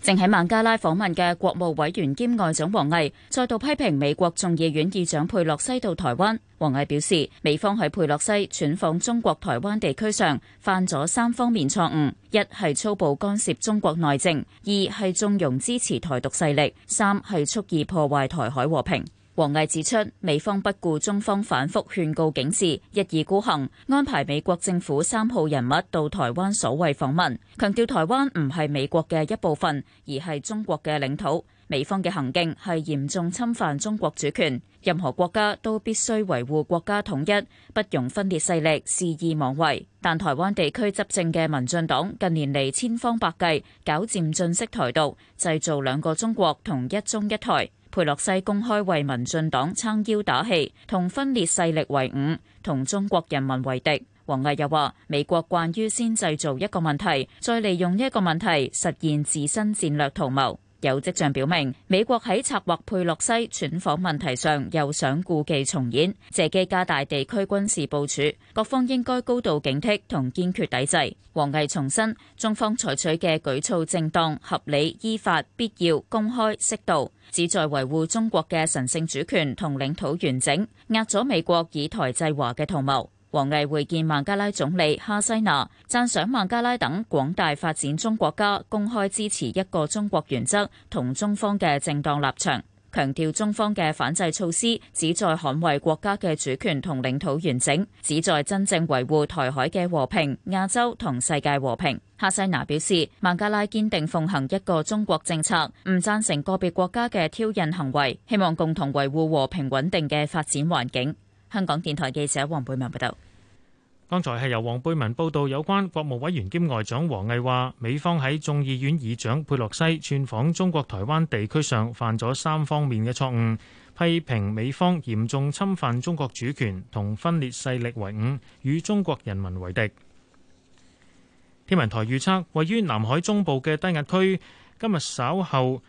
正喺孟加拉訪問嘅國務委員兼外長王毅再度批評美國眾議院議長佩洛西到台灣。王毅表示，美方喺佩洛西竄訪中國台灣地區上犯咗三方面錯誤：一係粗暴干涉中國內政；二係縱容支持台獨勢力；三係蓄意破壞台海和平。王毅指出，美方不顧中方反覆勸告警示，一意孤行，安排美國政府三號人物到台灣所謂訪問，強調台灣唔係美國嘅一部分，而係中國嘅領土。美方嘅行徑係嚴重侵犯中國主權，任何國家都必須維護國家統一，不容分裂勢力肆意妄為，但台灣地區執政嘅民進黨近年嚟千方百計搞漸進式台獨，製造兩個中國同一中一台。佩洛西公開為民進黨撐腰打氣，同分裂勢力為伍，同中國人民為敵。王毅又話：美國慣於先製造一個問題，再利用呢一個問題實現自身戰略圖謀。有跡象表明，美國喺策劃佩洛西竄訪問題上又想故伎重演，借機加大地區軍事部署，各方應該高度警惕同堅決抵制。王毅重申，中方採取嘅舉措正當、合理、依法、必要、公開、適度，旨在維護中國嘅神聖主權同領土完整，壓咗美國以台制華嘅圖謀。王毅會見孟加拉總理哈西娜，讚賞孟加拉等廣大發展中國家公開支持一個中國原則同中方嘅正當立場，強調中方嘅反制措施旨在捍衛國家嘅主權同領土完整，旨在真正維護台海嘅和平、亞洲同世界和平。哈西娜表示，孟加拉堅定奉行一個中國政策，唔贊成個別國家嘅挑釁行為，希望共同維護和平穩定嘅發展環境。香港電台記者黃貝文報道，
剛才係由黃貝文報道有關國務委員兼外長王毅話，美方喺眾議院議長佩洛西竄訪中國台灣地區上犯咗三方面嘅錯誤，批評美方嚴重侵犯中國主權，同分裂勢力為伍，與中國人民為敵。天文台預測，位於南海中部嘅低壓區今日稍後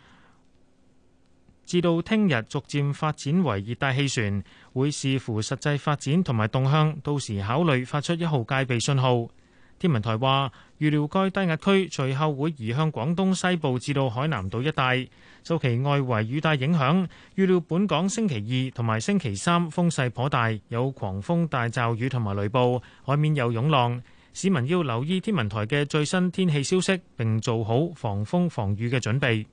至到聽日逐漸發展為熱帶氣旋。會視乎實際發展同埋動向，到時考慮發出一號戒備信號。天文台話，預料該低壓區隨後會移向廣東西部至到海南島一帶，受其外圍雨帶影響，預料本港星期二同埋星期三風勢頗大，有狂風大驟雨同埋雷暴，海面有湧浪。市民要留意天文台嘅最新天氣消息，並做好防風防雨嘅準備。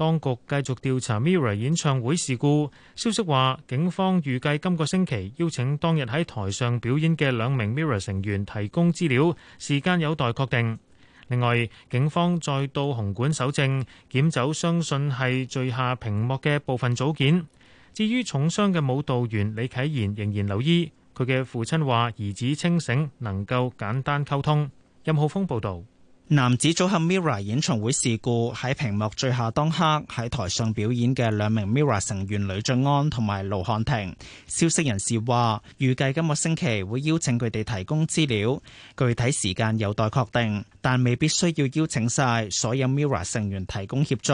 當局繼續調查 MIRROR 演唱會事故，消息話，警方預計今個星期邀請當日喺台上表演嘅兩名 MIRROR 成員提供資料，時間有待確定。另外，警方再到紅館搜證，檢走相信係墜下屏幕嘅部分組件。至於重傷嘅舞蹈員李啟賢仍然留醫，
佢嘅父親話：兒子清醒，能夠簡單溝通。任浩峰報導。男子組合 Mirror 演唱會事故喺屏幕最下當刻喺台上表演嘅兩名 Mirror 成員呂爵安同埋盧瀚霆。消息人士話，預計今個星期會邀請佢哋提供資料，具體時間有待確定，但未必需要邀請晒所有 Mirror 成員提供協助，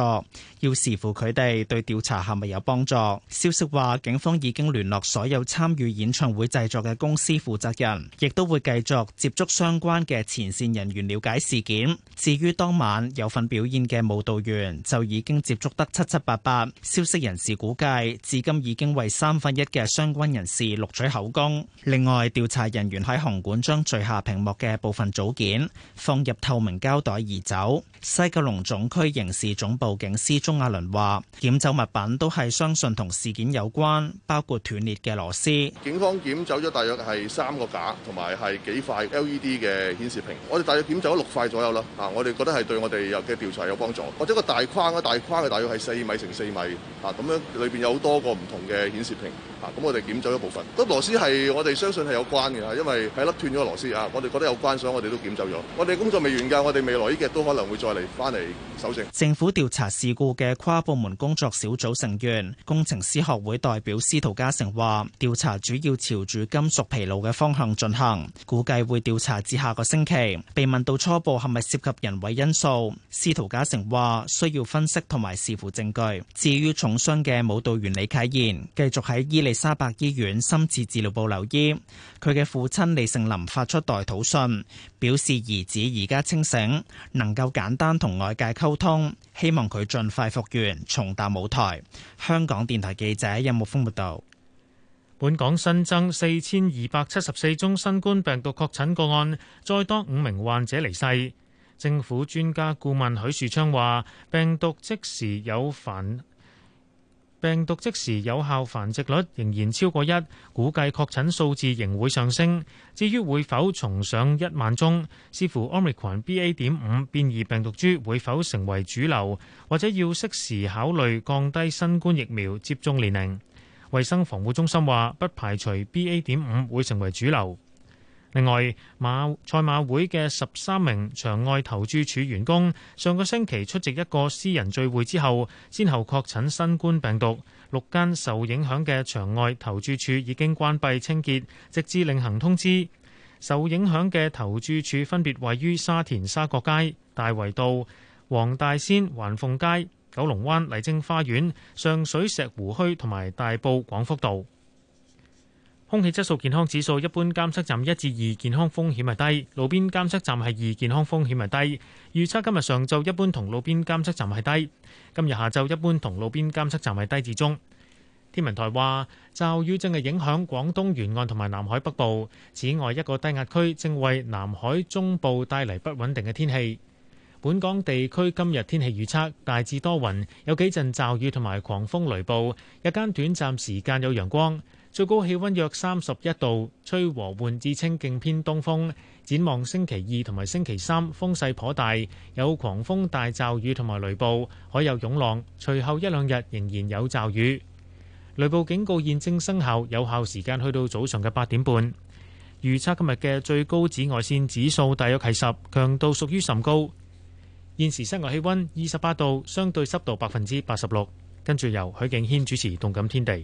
要視乎佢哋對調查係咪有幫助。消息話，警方已經聯絡所有參與演唱會製作嘅公司負責人，亦都會繼續接觸相關嘅前線人員了解事件。至於當晚有份表演嘅舞蹈員，就已經接觸得七七八八。消息人士估計，至今已經為三分一嘅相關人士錄取口供。另外，調查人員喺紅館將墜下屏幕嘅部分組件放入透明膠袋移走。西九龍總區刑事總部警司鐘亞倫話：檢走物品都係相信同事件有關，包括斷裂嘅螺絲。
警方檢
走咗大約係三個架，同埋係幾塊 L.E.D 嘅顯示屏。我哋大約檢走六塊左右。啊！我哋覺得係對我哋有嘅調查有幫助。或者個大框啊，大框嘅大約係四米乘四米啊，咁樣裏邊有好多個唔同嘅顯示屏啊，咁、嗯、我哋檢走一部分。咁、這個、螺絲係我哋相信係有關嘅啊，因為係一粒斷咗螺絲啊，我哋覺得有關，所以我哋都檢走咗。我哋工作未完㗎，我哋未來呢日都可能會再嚟翻嚟搜證。守正
政府調查事故嘅跨部門工作小組成員、工程師學會代表司徒嘉誠話：調查主要朝住金屬疲勞嘅方向進行，估計會調查至下個星期。被問到初步係係涉及人為因素，司徒家成話需要分析同埋視乎證據。至於重傷嘅舞蹈員李啟賢，繼續喺伊利沙伯醫院深切治療部留醫。佢嘅父親李盛林發出代禱信，表示兒子而家清醒，能夠簡單同外界溝通，希望佢盡快復原，重踏舞台。香港電台記者任木峰報道。本港新增四
千二百七十四宗新冠病毒確診個案，再多五名患者離世。政府專家顧問許樹昌話：病毒即時有繁病毒即時有效繁殖率仍然超過一，估計確診數字仍會上升。至於會否重上一萬宗，視乎奧密克戎 BA. 點五變異病毒株會否成為主流，或者要適時考慮降低新冠疫苗接種年齡。衛生防護中心話：不排除 BA. 點五會成為主流。另外，馬賽馬會嘅十三名場外投注處員工，上個星期出席一個私人聚會之後，先後確診新冠病毒。六間受影響嘅場外投注處已經關閉清潔，直至另行通知。受影響嘅投注處分別位於沙田沙角街、大圍道、黃大仙環鳳街、九龍灣麗晶花園、上水石湖墟同埋大埔廣福道。空氣質素健康指數一般監測站一至二，健康風險係低；路邊監測站係二，健康風險係低。預測今日上晝一般同路邊監測站係低，今日下晝一般同路邊監測站係低至中。天文台話，驟雨正係影響廣東沿岸同埋南海北部，此外一個低壓區正為南海中部帶嚟不穩定嘅天氣。本港地區今日天氣預測大致多雲，有幾陣驟雨同埋狂風雷暴，日間短暫時間有陽光。最高氣溫約三十一度，吹和緩至清勁偏東風。展望星期二同埋星期三，風勢頗大，有狂風大驟雨同埋雷暴，海有湧浪。隨後一兩日仍然有驟雨。雷暴警告現正生效，有效時間去到早上嘅八點半。預測今日嘅最高紫外線指數大約係十，強度屬於甚高。現時室外氣溫二十八度，相對濕度百分之八十六。跟住由許敬軒主持《動感天地》。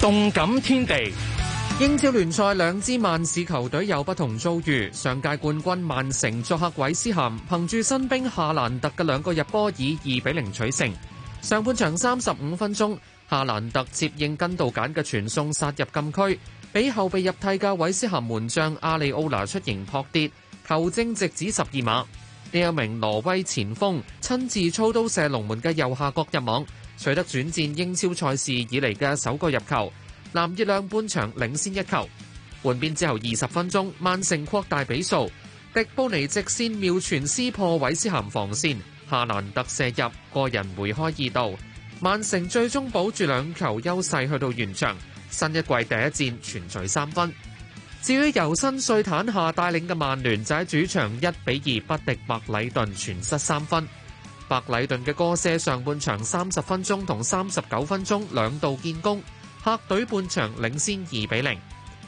動感天地，英超聯賽兩支曼市球隊有不同遭遇。上屆冠軍曼城作客韋斯咸，憑住新兵夏蘭特嘅兩個入波以二比零取勝。上半場三十五分鐘，夏蘭特接應根道簡嘅傳送殺入禁區，俾後備入替嘅韋斯咸門將阿里奧拿出迎撲跌，球證直指十二碼。呢一名挪威前鋒親自操刀射龍門嘅右下角入網，取得轉戰英超賽事以嚟嘅首個入球，藍月亮半場領先一球。換邊之後二十分鐘，曼城擴大比數，迪布尼直線妙傳撕破韋斯咸防線，夏蘭特射入個人梅開二度。曼城最終保住兩球優勢去到完場。新一季第一戰全取三分。至於由新帥坦夏帶領嘅曼聯就喺主場一比二不敵白禮頓，全失三分。白禮頓嘅歌些上半場三十分鐘同三十九分鐘兩度建功，客隊半場領先二比零。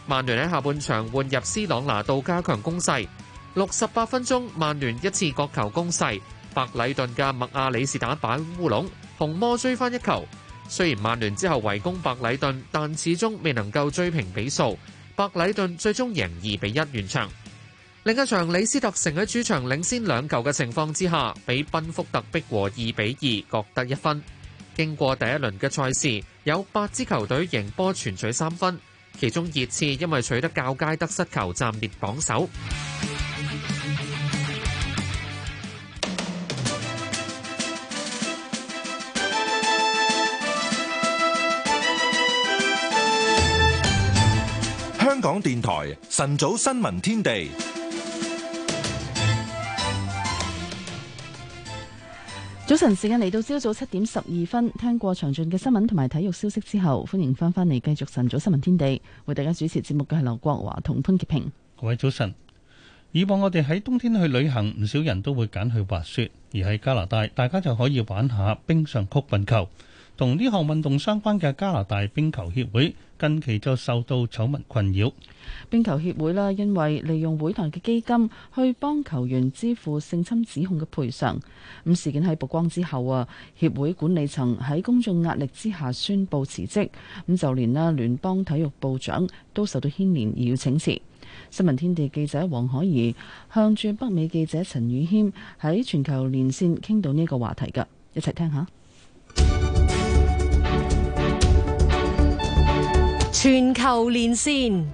曼聯喺下半場換入斯朗拿度加強攻勢，六十八分鐘曼聯一次角球攻勢，白禮頓嘅麥亞里士打擺烏龍，紅魔追翻一球。雖然曼聯之後圍攻白禮頓，但始終未能夠追平比數，白禮頓最終贏二比一完場。另一場，李斯特城喺主場領先兩球嘅情況之下，俾賓福特逼和二比二，各得一分。經過第一輪嘅賽事，有八支球隊贏波，全取三分。其中熱刺因為取得較佳得失球，暫列榜首。
香港電台晨早新聞天地。
早晨時間嚟到朝早七點十二分，聽過詳盡嘅新聞同埋體育消息之後，歡迎翻翻嚟繼續晨早新聞天地。為大家主持節目嘅係劉國華同潘潔平。
各位早晨。以往我哋喺冬天去旅行，唔少人都會揀去滑雪，而喺加拿大，大家就可以玩下冰上曲棍球。同呢項運動相關嘅加拿大冰球協會近期就受到醜聞困擾。
冰球協會啦，因為利用會談嘅基金去幫球員支付性侵指控嘅賠償。咁事件喺曝光之後啊，協會管理層喺公眾壓力之下宣布辭職。咁就連啦，聯邦體育部長都受到牽連而要請辭。新聞天地記者黃可怡向住北美記者陳宇謙喺全球連線傾到呢個話題，噶一齊聽一下。
全球連線，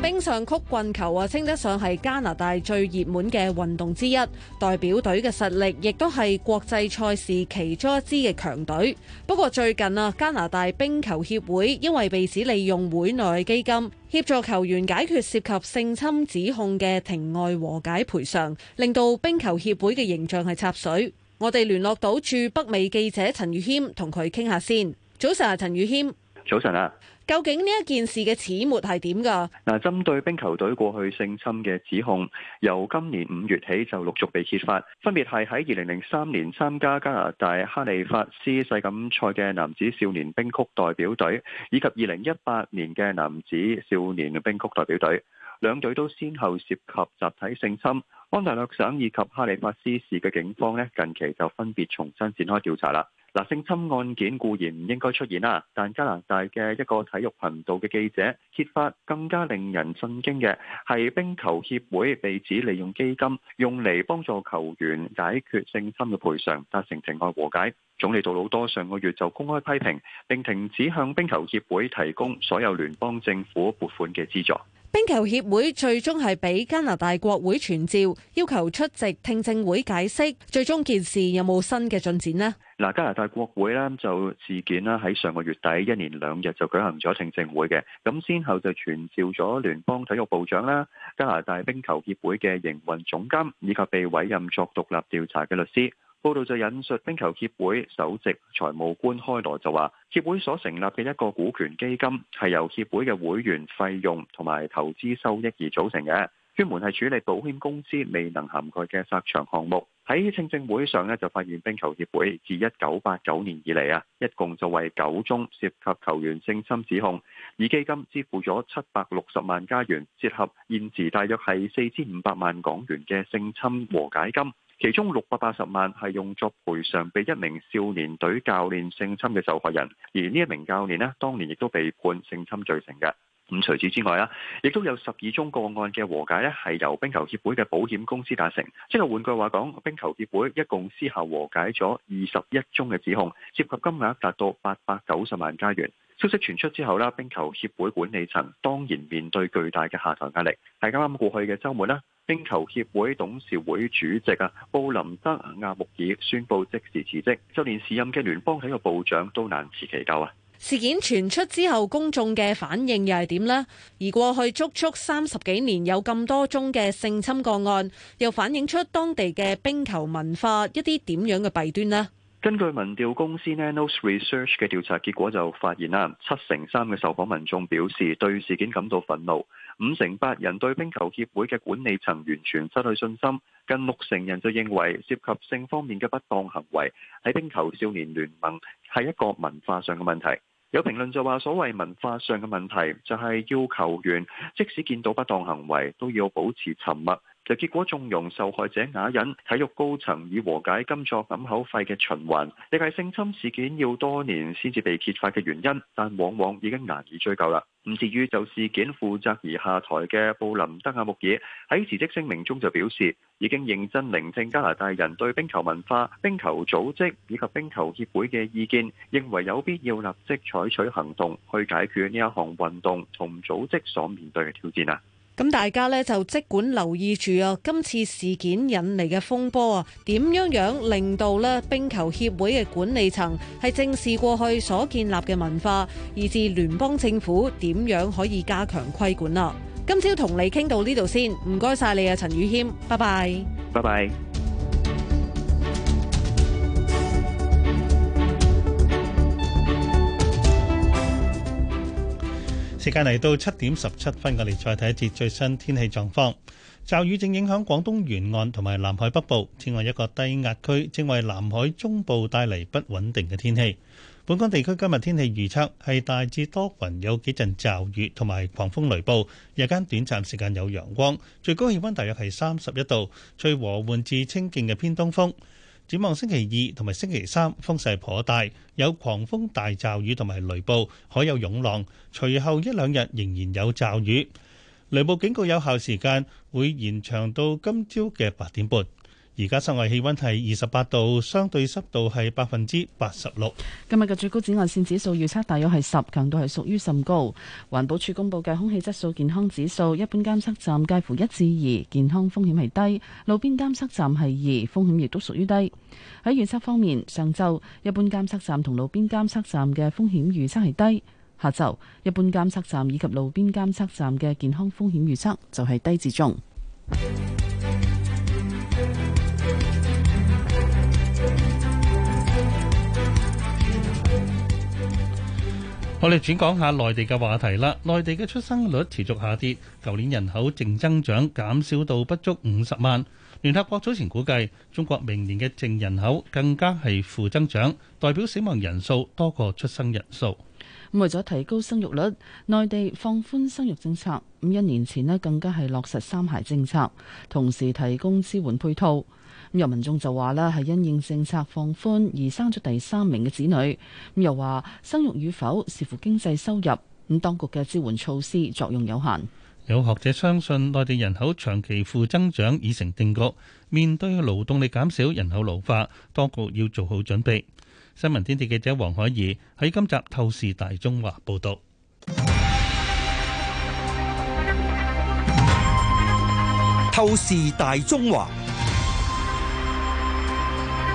冰上曲棍球啊，稱得上係加拿大最熱門嘅運動之一。代表隊嘅實力亦都係國際賽事其中一支嘅強隊。不過最近啊，加拿大冰球協會因為被指利用會內基金協助球員解決涉及性侵指控嘅庭外和解賠償，令到冰球協會嘅形象係插水。我哋聯絡到駐北美記者陳宇謙，同佢傾下先。早晨啊，陳宇謙。
早晨啊。
究竟呢一件事嘅始末係點噶？
嗱，針對冰球隊過去性侵嘅指控，由今年五月起就陸續被揭發，分別係喺二零零三年參加加拿大哈利法斯世錦賽嘅男子少年冰曲代表隊，以及二零一八年嘅男子少年冰曲代表隊，兩隊都先後涉及集體性侵。安大略省以及哈利法斯市嘅警方咧，近期就分別重新展開調查啦。嗱，性侵案件固然唔應該出現啦，但加拿大嘅一個體育頻道嘅記者揭發更加令人震驚嘅，係冰球協會被指利用基金用嚟幫助球員解決性侵嘅賠償，達成庭外和解。總理杜魯多上個月就公開批評，並停止向冰球協會提供所有聯邦政府撥款嘅資助。
冰球協會最終係俾加拿大國會傳召，要求出席聽證會解釋。最終件事有冇新嘅進展呢？
嗱，加拿大國會咧就事件啦，喺上個月底一連兩日就舉行咗聽證會嘅。咁先後就傳召咗聯邦體育部長啦、加拿大冰球協會嘅營運總監，以及被委任作獨立調查嘅律師。報道就引述冰球協會首席財務官開羅就話：協會所成立嘅一個股權基金係由協會嘅會員費用同埋投資收益而組成嘅，專門係處理保險公司未能涵蓋嘅剎場項目。喺聽證會上呢就發現冰球協會自一九八九年以嚟啊，一共就為九宗涉及球員性侵指控，以基金支付咗七百六十萬加元，折合現時大約係四千五百萬港元嘅性侵和解金。其中六百八十萬係用作賠償被一名少年隊教練性侵嘅受害人，而呢一名教練咧，當年亦都被判性侵罪成嘅。咁除此之外啦，亦都有十二宗個案嘅和解咧，係由冰球協會嘅保險公司達成。即係換句話講，冰球協會一共私下和解咗二十一宗嘅指控，涉及金額達到八百九十萬加元。消息傳出之後啦，冰球協會管理層當然面對巨大嘅下台壓力。喺啱啱過去嘅周末啦，冰球協會董事會主席啊布林德亞木爾宣布即時辭職，就連時任嘅聯邦體育部長都難辭其咎啊！
事件傳出之後，公眾嘅反應又係點呢？而過去足足三十幾年有咁多宗嘅性侵個案，又反映出當地嘅冰球文化一啲點樣嘅弊端呢？
根據民調公司 Nanos Research 嘅調查結果就發現啦，七成三嘅受訪民眾表示對事件感到憤怒，五成八人對冰球協會嘅管理層完全失去信心，近六成人就認為涉及性方面嘅不當行為喺冰球少年聯盟係一個文化上嘅問題。有評論就話：所謂文化上嘅問題，就係要球員即使見到不當行為，都要保持沉默。就結果縱容受害者啞忍，體育高層以和解金作掩口費嘅循環，亦係性侵事件要多年先至被揭發嘅原因，但往往已經難以追究啦。唔至於就事件負責而下台嘅布林德阿木爾喺辭職聲明中就表示，已經認真聆聽加拿大人對冰球文化、冰球組織以及冰球協會嘅意見，認為有必要立即採取行動去解決呢一項運動同組織所面對嘅挑戰啊！
咁大家咧就即管留意住啊，今次事件引嚟嘅風波啊，點樣樣令到咧冰球協會嘅管理層係正視過去所建立嘅文化，以至聯邦政府點樣可以加強規管啊。今朝同你傾到呢度先，唔該晒你啊，陳宇謙，拜拜，
拜拜。
時間嚟到七點十七分，我哋再睇一節最新天氣狀況。驟雨正影響廣東沿岸同埋南海北部，此外一個低壓區正為南海中部帶嚟不穩定嘅天氣。本港地區今日天氣預測係大致多雲，有幾陣驟雨同埋狂風雷暴，日間短暫時間有陽光，最高氣温大約係三十一度，吹和緩至清勁嘅偏東風。展望星期二同埋星期三，風勢頗大，有狂風大驟雨同埋雷暴，可有湧浪。隨後一兩日仍然有驟雨，雷暴警告有效時間會延長到今朝嘅八點半。而家室外氣溫係二十八度，相對濕度係百分之八十六。
今日嘅最高紫外線指數預測大約係十，強度係屬於甚高。環保署公布嘅空氣質素健康指數，一般監測站介乎一至二，健康風險係低；路邊監測站係二，風險亦都屬於低。喺預測方面，上晝一般監測站同路邊監測站嘅風險預測係低；下晝一般監測站以及路邊監測站嘅健康風險預測就係低至中。
我哋轉講下內地嘅話題啦。內地嘅出生率持續下跌，舊年人口淨增長減少到不足五十萬。聯合國早前估計，中國明年嘅淨人口更加係負增長，代表死亡人數多過出生人數。
咁為咗提高生育率，內地放寬生育政策。咁一年前呢更加係落實三孩政策，同時提供支援配套。咁有民眾就話啦，係因應政策放寬而生咗第三名嘅子女。咁又話生育與否視乎經濟收入，咁當局嘅支援措施作用有限。有學
者相信內地人口長期負增長已成定局，面對勞動力減少、人口老化，當局要做好準備。新聞天地記者黃海怡喺今集透視大中華報道。
透視大中華。報導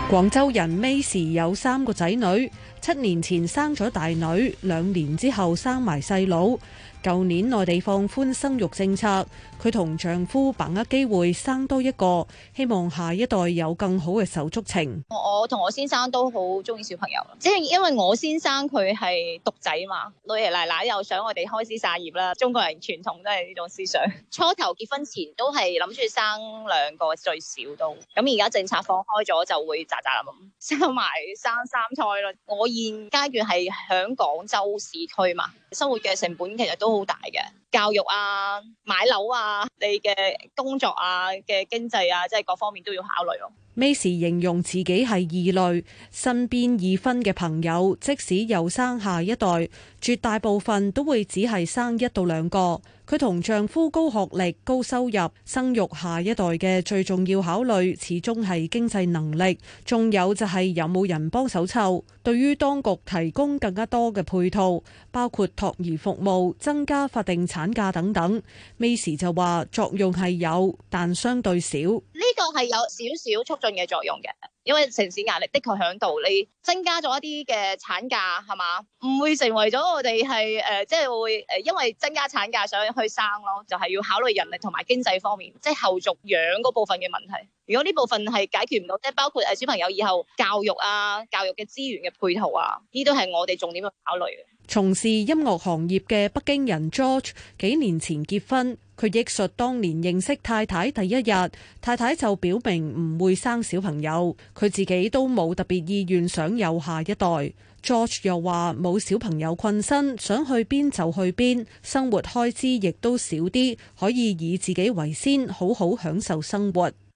廣州人尾時有三個仔女，七年前生咗大女，兩年之後生埋細佬。舊年內地放寬生育政策。佢同丈夫把握機會生多一個，希望下一代有更好嘅手足情。
我同我先生都好中意小朋友，即係因為我先生佢係獨仔嘛，老爺奶奶又想我哋開始散業啦。中國人傳統都係呢種思想。初頭結婚前都係諗住生兩個最少都，咁而家政策放開咗就會喳喳諗生埋生三胎咯。我現階段係喺廣州市區嘛，生活嘅成本其實都好大嘅。教育啊，買樓啊，你嘅工作啊嘅經濟啊，即係各方面都要考慮哦。
Miss 形容自己係異類，身邊已婚嘅朋友，即使又生下一代，絕大部分都會只係生一到兩個。佢同丈夫高學歷、高收入、生育下一代嘅最重要考慮始終係經濟能力，仲有就係有冇人幫手湊，對於當局提供更加多嘅配套，包括托兒服務增加法定產假等等，Miss 就話作用係有，但相對少。
呢個係有少少促進嘅作用嘅。因為城市壓力的確喺度，你增加咗一啲嘅產假，係嘛？唔會成為咗我哋係誒，即、呃、係、就是、會誒，因為增加產假想去生咯，就係、是、要考慮人力同埋經濟方面，即係後續養嗰部分嘅問題。如果呢部分係解決唔到，即係包括誒小朋友以後教育啊、教育嘅資源嘅配套啊，呢都係我哋重點去考慮嘅。
從事音樂行業嘅北京人 George 幾年前結婚。佢憶述當年認識太太第一日，太太就表明唔會生小朋友，佢自己都冇特別意願想有下一代。George 又話冇小朋友困身，想去邊就去邊，生活開支亦都少啲，可以以自己為先，好好享受生活。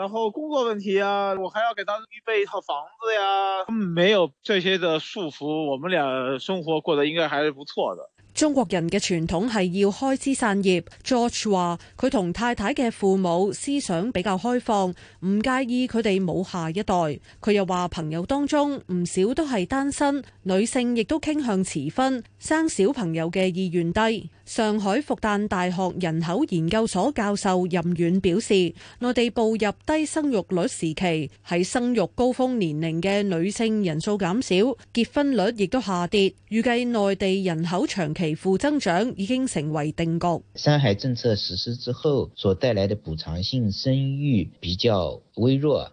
然後工作問題啊，我還要給他預備一套房子呀、啊。沒有這些的束縛，我們倆生活過得應該還是不錯的。
中國人嘅傳統係要開枝散葉。George 話佢同太太嘅父母思想比較開放，唔介意佢哋冇下一代。佢又話朋友當中唔少都係單身，女性亦都傾向遲婚，生小朋友嘅意願低。上海復旦大學人口研究所教授任遠表示，內地步入低生育率時期，喺生育高峰年齡嘅女性人數減少，結婚率亦都下跌，預計內地人口長期負增長已經成為定局。
三孩政策實施之後所帶來的補償性生育比較微弱。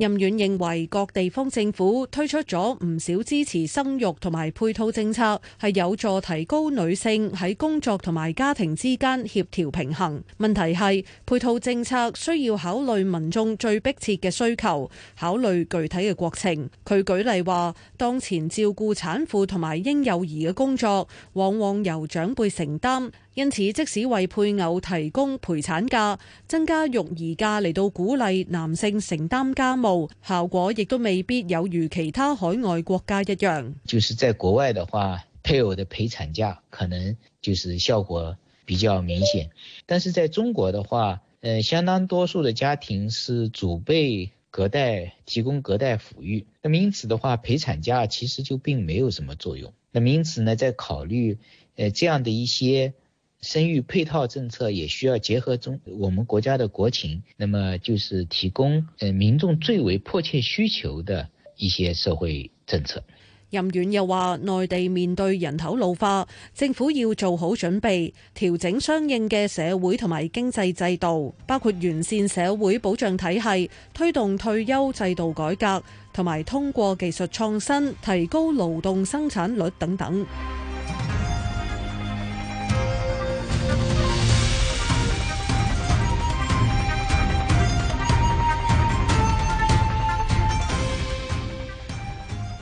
任遠認為，各地方政府推出咗唔少支持生育同埋配套政策，係有助提高女性喺工作同埋家庭之間協調平衡。問題係，配套政策需要考慮民眾最迫切嘅需求，考慮具體嘅國情。佢舉例話，當前照顧產婦同埋嬰幼兒嘅工作，往往由長輩承擔。因此，即使為配偶提供陪產假、增加育兒假嚟到鼓勵男性承擔家務，效果亦都未必有如其他海外國家一樣。
就是在國外的話，配偶的陪產假可能就是效果比較明顯，但是在中國的話，嗯、呃，相當多數的家庭是祖輩隔代提供隔代撫育，那麼因此的話，陪產假其實就並沒有什麼作用。那麼因此呢，在考慮誒這樣的一些。生育配套政策也需要結合中我們國家的國情，那麼就是提供，民眾最為迫切需求的一些社會政策。
任遠又話，內地面對人口老化，政府要做好準備，調整相應嘅社會同埋經濟制度，包括完善社會保障體系，推動退休制度改革，同埋通過技術創新提高勞動生產率等等。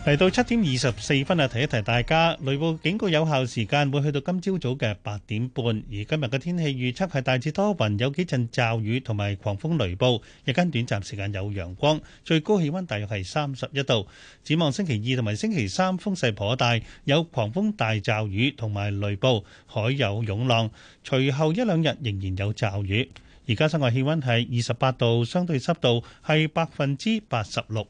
嚟到七點二十四分啊，提一提大家雷暴警告有效時間會去到今朝早嘅八點半，而今日嘅天氣預測係大致多雲，有幾陣驟雨同埋狂風雷暴，日間短暫時間有陽光，最高氣溫大約係三十一度。展望星期二同埋星期三風勢頗大，有狂風大驟雨同埋雷暴，海有湧浪。隨後一兩日仍然有驟雨。而家室外氣溫係二十八度，相對濕度係百分之八十六。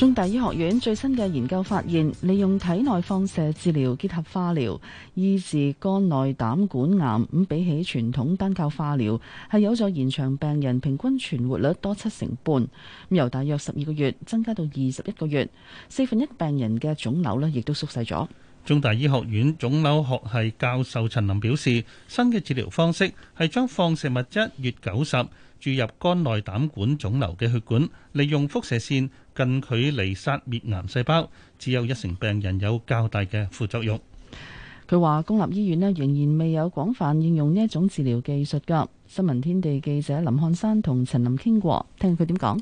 中大醫學院最新嘅研究發現，利用體內放射治療結合化療醫治肝內膽管癌，咁比起傳統單靠化療，係有助延長病人平均存活率多七成半，咁由大約十二個月增加到二十一個月，四分一病人嘅腫瘤咧亦都縮細咗。
中大醫學院腫瘤學系教授陳林表示，新嘅治療方式係將放射物質月九十注入肝內膽管腫瘤嘅血管，利用輻射線。近距離殺滅癌細胞，只有一成病人有較大嘅副作用。
佢話公立醫院咧仍然未有廣泛應用呢一種治療技術噶。新聞天地記者林漢山同陳林傾過，聽佢點講。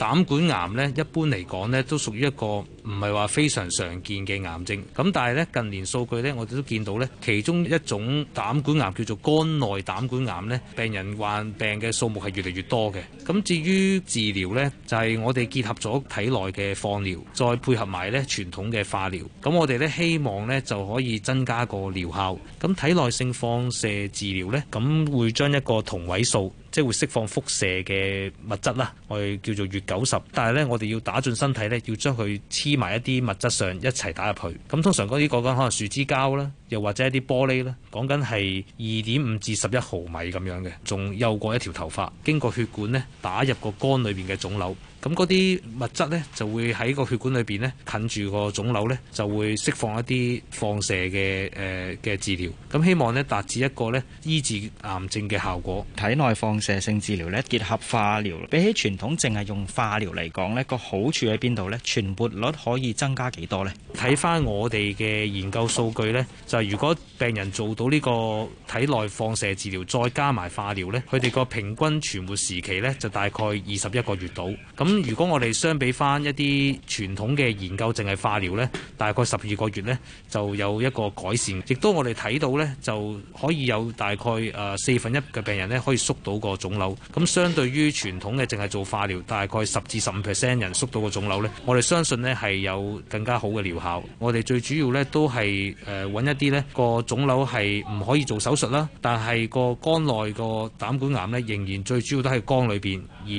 膽管癌呢，一般嚟講呢，都屬於一個唔係話非常常見嘅癌症。咁但係呢，近年數據呢，我哋都見到呢，其中一種膽管癌叫做肝內膽管癌呢，病人患病嘅數目係越嚟越多嘅。咁至於治療呢，就係我哋結合咗體內嘅放療，再配合埋呢傳統嘅化療。咁我哋呢，希望呢就可以增加個療效。咁體內性放射治療呢，咁會將一個同位素。即係會釋放輻射嘅物質啦，我哋叫做月九十。但係呢，我哋要打進身體呢，要將佢黐埋一啲物質上，一齊打入去。咁通常嗰啲講緊可能樹枝膠啦，又或者一啲玻璃啦，講緊係二點五至十一毫米咁樣嘅，仲幼過一條頭髮，經過血管呢，打入個肝裏邊嘅腫瘤。咁嗰啲物質呢，就會喺個血管裏邊呢，近住個腫瘤呢，就會釋放一啲放射嘅誒嘅治療，咁希望呢，達至一個呢醫治癌症嘅效果。
體內放射性治療呢，
結合化療，比起傳統淨係用化療嚟講呢，個好處喺邊度呢？存活率可以增加幾多呢？睇翻我哋嘅研究數據呢，就係如果病人做到呢個體內放射治療再加埋化療呢，佢哋個平均存活時期呢，就大概二十一個月到。咁咁如果我哋相比翻一啲傳統嘅研究，淨係化療呢大概十二個月呢，就有一個改善，亦都我哋睇到呢，就可以有大概誒四分一嘅病人呢，可以縮到個腫瘤。咁相對於傳統嘅淨係做化療，大概十至十五 percent 人縮到個腫瘤呢，我哋相信呢係有更加好嘅療效。我哋最主要呢都係誒揾一啲呢個腫瘤係唔可以做手術啦，但係個肝內個膽管癌呢，仍然最主要都係肝裏邊，而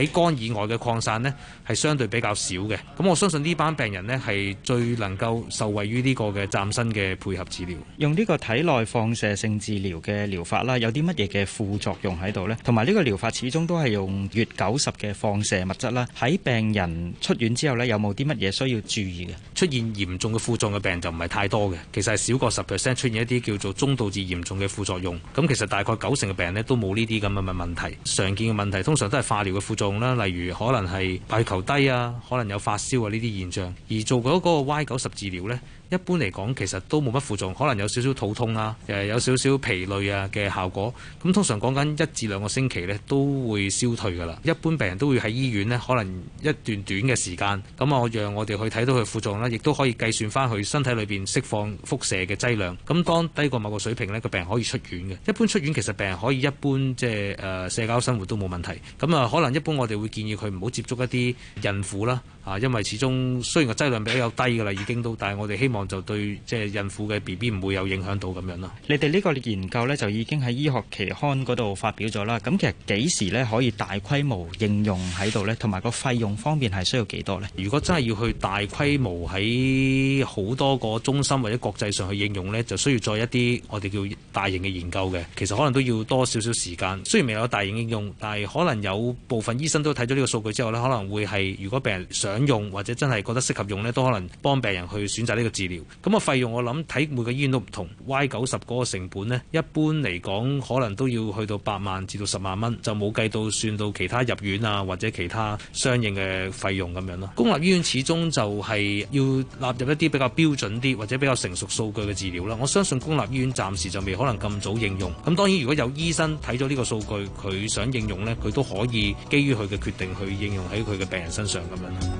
喺肝以外嘅抗。散呢係相對比較少嘅，咁我相信呢班病人呢，係最能夠受惠於呢個嘅嶄新嘅配合治療。用呢個體
內放射性治療嘅療法啦，有啲乜嘢嘅副作用喺度呢？同埋呢個療法始終都係用月九十嘅放射物質啦。喺病人出院之後呢，有冇啲乜嘢
需要注意嘅？出現嚴重嘅副作用嘅病就唔係太多嘅，其實係少過十 percent 出現一啲叫做中度至嚴重嘅副作用。咁其實大概九成嘅病人呢都冇呢啲咁嘅問題。常見嘅問題通常都係化療嘅副作用啦，例如可能。係白血球低啊，可能有發燒啊呢啲現象，而做咗嗰個 Y 九十治療咧。一般嚟講，其實都冇乜副作用，可能有少少肚痛啊，誒有少少疲累啊嘅效果。咁通常講緊一至兩個星期呢，都會消退㗎啦。一般病人都會喺醫院呢，可能一段短嘅時間。咁我讓我哋去睇到佢副作用啦，亦都可以計算翻佢身體裏邊釋放輻射嘅劑量。咁當低過某個水平呢，個病人可以出院嘅。一般出院其實病人可以一般即係誒社交生活都冇問題。咁啊，可能一般我哋會建議佢唔好接觸一啲孕婦啦。啊，因為始終雖然個劑量比較低㗎啦，已經都，但係我哋希望就對即係孕婦嘅 B B 唔會有影響到咁樣咯。你哋呢個研究呢，就已經喺醫學期刊嗰度發表咗啦。咁其實幾時呢？可以大規模應用喺度呢？同埋個費用方面係需要幾多呢？如果真係要去大規模喺好多個中心或者國際上去應用呢，就需要做一啲我哋叫大型嘅研究嘅。其實可能都要多少少時間。雖然未有大型應用，但係可能有部分醫生都睇咗呢個數據之後呢，可能會係如果病人上想用或者真係覺得適合用咧，都可能幫病人去選擇呢個治療。咁啊，費用我諗睇每個醫院都唔同。Y 九十嗰個成本咧，一般嚟講可能都要去到八萬至到十萬蚊，就冇計到算到其他入院啊或者其他相應嘅費用咁樣咯。公立醫院始終就係要納入一啲比較標準啲或者比較成熟數據嘅治療啦。我相信公立醫院暫時就未可能咁早應用。咁當然如果有醫生睇咗呢個數據，佢想應用咧，佢都可以基於佢嘅決定去應用喺佢嘅病人身上咁樣。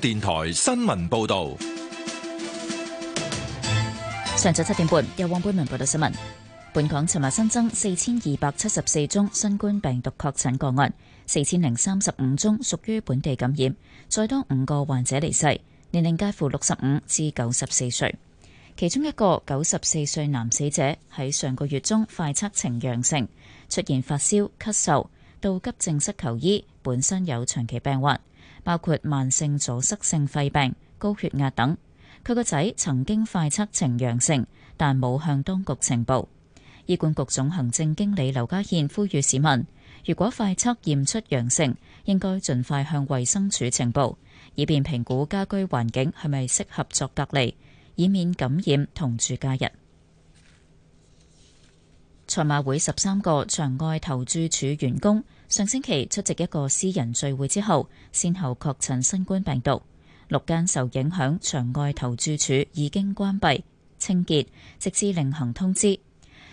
電台新聞報道：
上晝七點半，有汪冠文報道新聞。本港尋日新增四千二百七十四宗新冠病毒確診個案，四千零三十五宗屬於本地感染，再多五個患者離世，年齡介乎六十五至九十四歲。其中一個九十四歲男死者喺上個月中快測呈陽性，出現發燒、咳嗽，到急症室求醫，本身有長期病患。包括慢性阻塞性肺病、高血壓等。佢個仔曾經快測呈陽性，但冇向當局呈報。醫管局總行政經理劉家憲呼籲市民，如果快測驗出陽性，應該盡快向衛生署呈報，以便評估家居環境係咪適合作隔離，以免感染同住家人。賽馬會十三個場外投注處員工，上星期出席一個私人聚會之後，先後確診新冠病毒。六間受影響場外投注處已經關閉清潔，直至另行通知。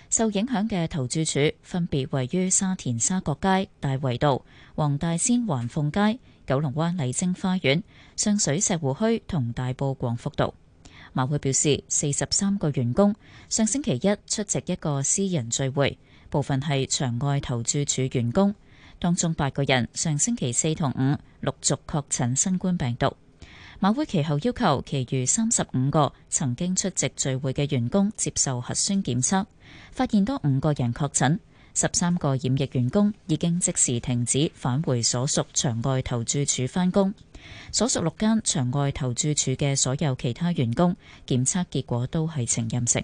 受影響嘅投注處分別位於沙田沙角街、大圍道、黃大仙環鳳街、九龍灣麗晶花園、上水石湖墟同大埔廣福道。馬會表示，四十三個員工上星期一出席一個私人聚會，部分係場外投注處員工。當中八個人上星期四同五陸續確診新冠病毒，馬會期後要求其餘三十五個曾經出席聚會嘅員工接受核酸檢測，發現多五個人確診，十三個檢疫員工已經即時停止返回所屬場外投注處返工，所屬六間場外投注處嘅所有其他員工檢測結果都係呈陰性。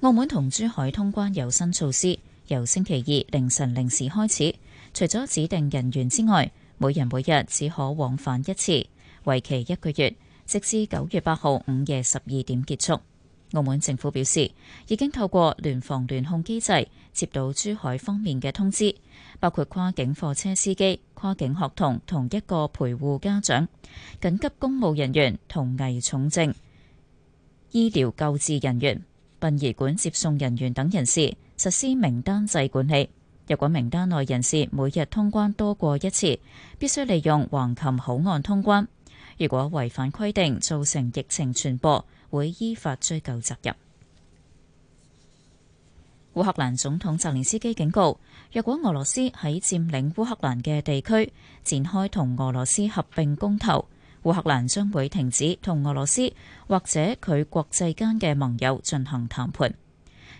澳門同珠海通關有新措施。由星期二凌晨零時開始，除咗指定人員之外，每人每日只可往返一次，為期一個月，直至九月八號午夜十二點結束。澳門政府表示，已經透過聯防聯控機制接到珠海方面嘅通知，包括跨境貨車司機、跨境學童同一個陪護家長、緊急公務人員、同危重症醫療救治人員、殯儀館接送人員等人士。實施名單制管理，若果名單內人士每日通關多過一次，必須利用橫琴口岸通關。如果違反規定，造成疫情傳播，會依法追究責任。烏克蘭總統澤連斯基警告，若果俄羅斯喺佔領烏克蘭嘅地區展開同俄羅斯合併公投，烏克蘭將會停止同俄羅斯或者佢國際間嘅盟友進行談判。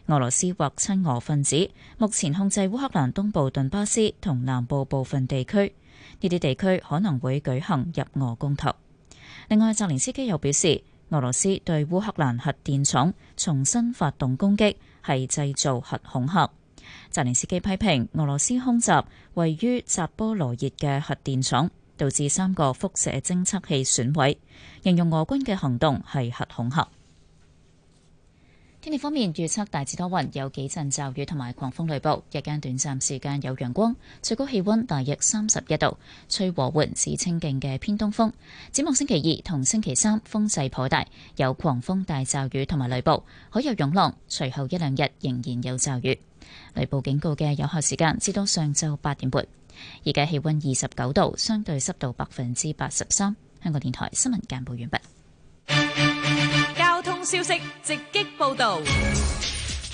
俄羅斯或親俄分子目前控制烏克蘭東部頓巴斯同南部部分地區，呢啲地區可能會舉行入俄公投。另外，澤連斯基又表示，俄羅斯對烏克蘭核電廠重新發動攻擊係製造核恐嚇。澤連斯基批評俄羅斯空襲位於扎波羅熱嘅核電廠，導致三個輻射偵測器損毀，形容俄軍嘅行動係核恐嚇。天氣方面預測大致多雲，有幾陣驟雨同埋狂風雷暴，日間短暫時間有陽光，最高氣溫大約三十一度，吹和緩至清勁嘅偏東風。展望星期二同星期三風勢頗大，有狂風大驟雨同埋雷暴，可有湧浪。隨後一兩日仍然有驟雨，雷暴警告嘅有效時間至到上晝八點半。而家氣溫二十九度，相對濕度百分之八十三。香港電台新聞簡報完畢。
消息直擊報導。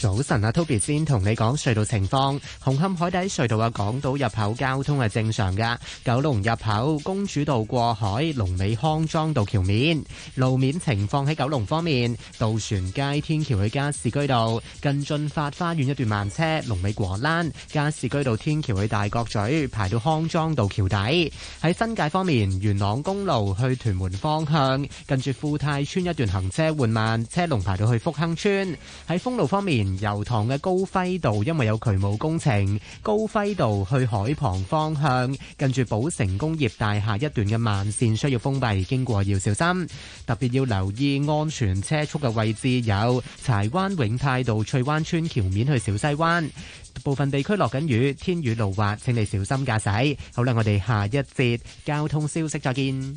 早晨啊，Toby 先同你講隧道情況。紅磡海底隧道嘅港島入口交通係正常嘅。九龍入口公主道過海，龍尾康莊道橋面路面情況。喺九龍方面，渡船街天橋去加士居道近駿發花園一段慢車，龍尾果欄；加士居道天橋去大角咀排到康莊道橋底。喺新界方面，元朗公路去屯門方向近住富泰邨一段行車緩慢，車龍排到去福亨村。喺封路方面。油塘嘅高輝道，因為有渠務工程，高輝道去海旁方向，近住寶城工業大廈一段嘅慢線需要封閉，經過要小心，特別要留意安全車速嘅位置有。有柴灣永泰道翠灣村橋面去小西灣部分地區落緊雨，天雨路滑，請你小心駕駛。好啦，我哋下一節交通消息再見。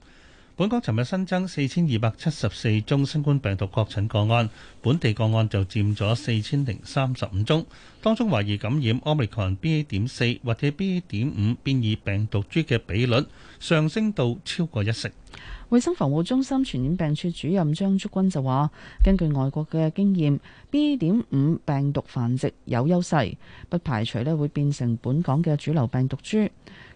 本港尋日新增四千二百七十四宗新冠病毒確診個案，本地個案就佔咗四千零三十五宗，當中懷疑感染 Omicron BA. 點四或者 BA. 點五變異病毒株嘅比率上升到超過一
成。衞生防護中心傳染病處主任張竹君就話，根據外國嘅經驗，BA. 點五病毒繁殖有優勢，不排除咧會變成本港嘅主流病毒株。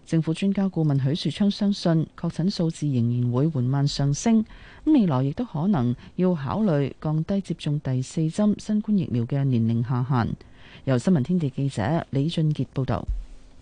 政府專家顧問許樹昌相信，確診數字仍然會緩慢上升，未來亦都可能要考慮降低接種第四針新冠疫苗嘅年齡下限。由新聞天地記者李俊傑報道。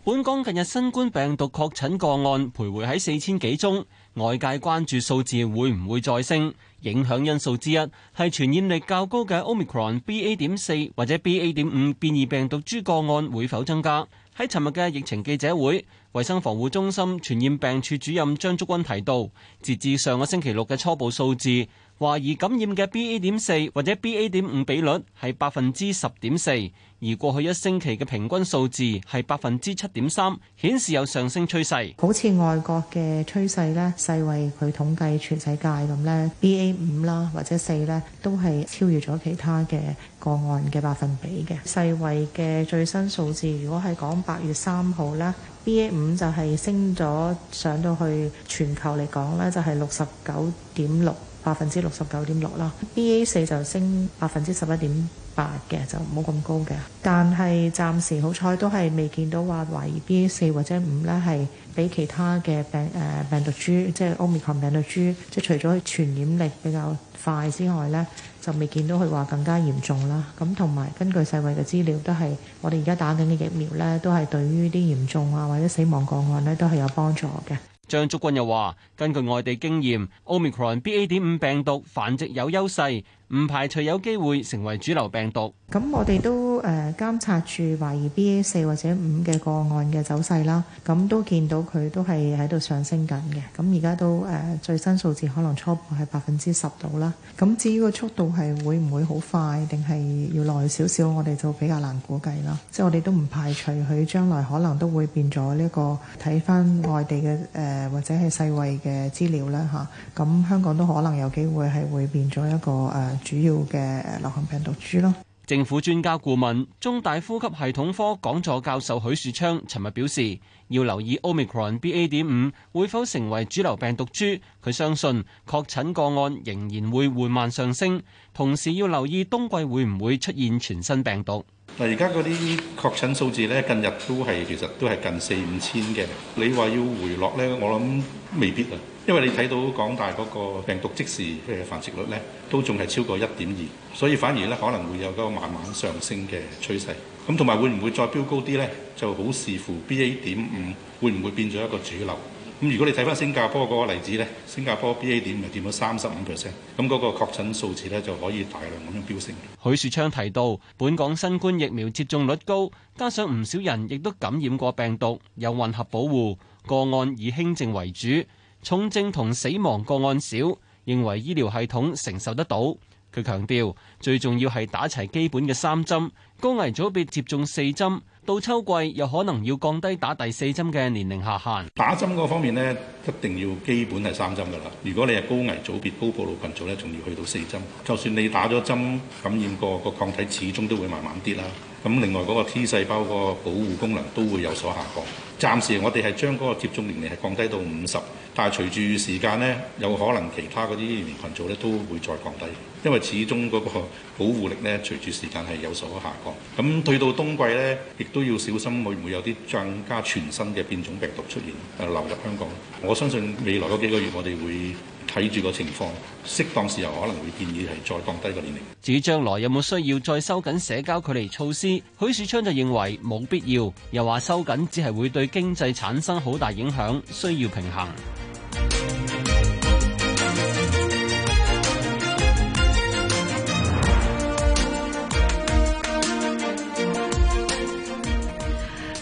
本港近日新冠病毒確診個案徘徊喺四千幾宗，外界關注數字會唔會再升？影響因素之一係傳染力較高嘅 Omicron BA. 點四或者 BA. 點五變異病毒株個案會否增加？喺尋日嘅疫情記者會，衛生防護中心傳染病處主任張竹君提到，截至上個星期六嘅初步數字。懷疑感染嘅 B A. 點四或者 B A. 點五比率係百分之十點四，而過去一星期嘅平均數字係百分之七點三，顯示有上升趨勢。
好似外國嘅趨勢咧，世衛佢統計全世界咁咧，B A. 五啦或者四咧都係超越咗其他嘅個案嘅百分比嘅。世衛嘅最新數字，如果係講八月三號咧，B A. 五就係升咗上到去全球嚟講咧，就係六十九點六。百分之六十九點六啦，BA 四就升百分之十一點八嘅，就冇咁高嘅。但係暫時好彩都係未見到話懷疑 BA 四或者五咧係比其他嘅病誒、呃、病毒株，即係 Omicron 病毒株，即係除咗傳染力比較快之外咧，就未見到佢話更加嚴重啦。咁同埋根據世衞嘅資料都係，我哋而家打緊嘅疫苗咧都係對於啲嚴重啊或者死亡個案咧都係有幫助嘅。
張竹君又話，根據外地經驗，Omicron BA.5 病毒繁殖有優勢，唔排除有機會成為主流病毒。
咁我哋都。誒監察住懷疑 BA 四或者五嘅個案嘅走勢啦，咁都見到佢都係喺度上升緊嘅。咁而家都誒、呃、最新數字可能初步係百分之十到啦。咁至於個速度係會唔會好快，定係要耐少少，我哋就比較難估計啦。即係我哋都唔排除佢將來可能都會變咗呢、這個睇返外地嘅誒、呃、或者係世衛嘅資料啦吓，咁、啊、香港都可能有機會係會變咗一個誒、呃、主要嘅流行病毒株咯。啊
政府專家顧問、中大呼吸系統科講座教授許樹昌尋日表示，要留意 Omicron BA. 點五會否成為主流病毒株，佢相信確診個案仍然會緩慢上升，同時要留意冬季會唔會出現全新病毒。
嗱，而家嗰啲確診數字咧，近日都係其實都係近四五千嘅，你話要回落咧，我諗未必啊。因為你睇到港大嗰個病毒即時嘅繁殖率呢，都仲係超過一點二，所以反而呢可能會有嗰個慢慢上升嘅趨勢。咁同埋會唔會再飆高啲呢？就好視乎 B A 點五會唔會變咗一個主流。咁如果你睇翻新加坡嗰個例子呢，新加坡 B A 點五掂咗三十五 percent，咁嗰個確診數字呢就可以大量咁樣飆
升。許樹昌提到，本港新冠疫苗接種率高，加上唔少人亦都感染過病毒，有混合保護，個案以輕症為主。重症同死亡個案少，認為醫療系統承受得到。佢強調最重要係打齊基本嘅三針，高危組別接種四針。到秋季有可能
要降低打第四針嘅年齡下限。打針嗰方面咧，一定要基本係三針噶啦。如果你係高危組別高暴露群組咧，仲要去到四針，就算你打咗針感染過個抗體始終都會慢慢跌啦。咁另外嗰個 T 細胞個保護功能都會有所下降。暫時我哋係將嗰個接種年齡係降低到五十，但係隨住時間咧，有可能其他嗰啲年齡群組咧都會再降低。因為始終嗰個保護力咧，隨住時間係有所下降。咁去到冬季咧，亦都要小心會唔會有啲更加全新嘅變種病毒出現，誒流入香港。我相信未來嗰幾個月，我哋會睇住個情況，適當時候可能會建議係再降低個年齡。至於將
來有冇需要再收緊社交距離措施，許樹昌就認為冇必要，又話收緊只係會對經濟產生好大影響，需要平衡。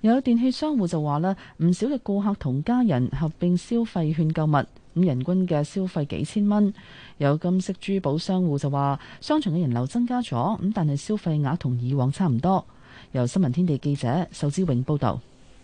有電器商戶就話咧，唔少嘅顧客同家人合併消費券購物咁，人均嘅消費幾千蚊。有金色珠寶商戶就話，商場嘅人流增加咗咁，但係消費額同以往差唔多。由新聞天地記者壽之永報導。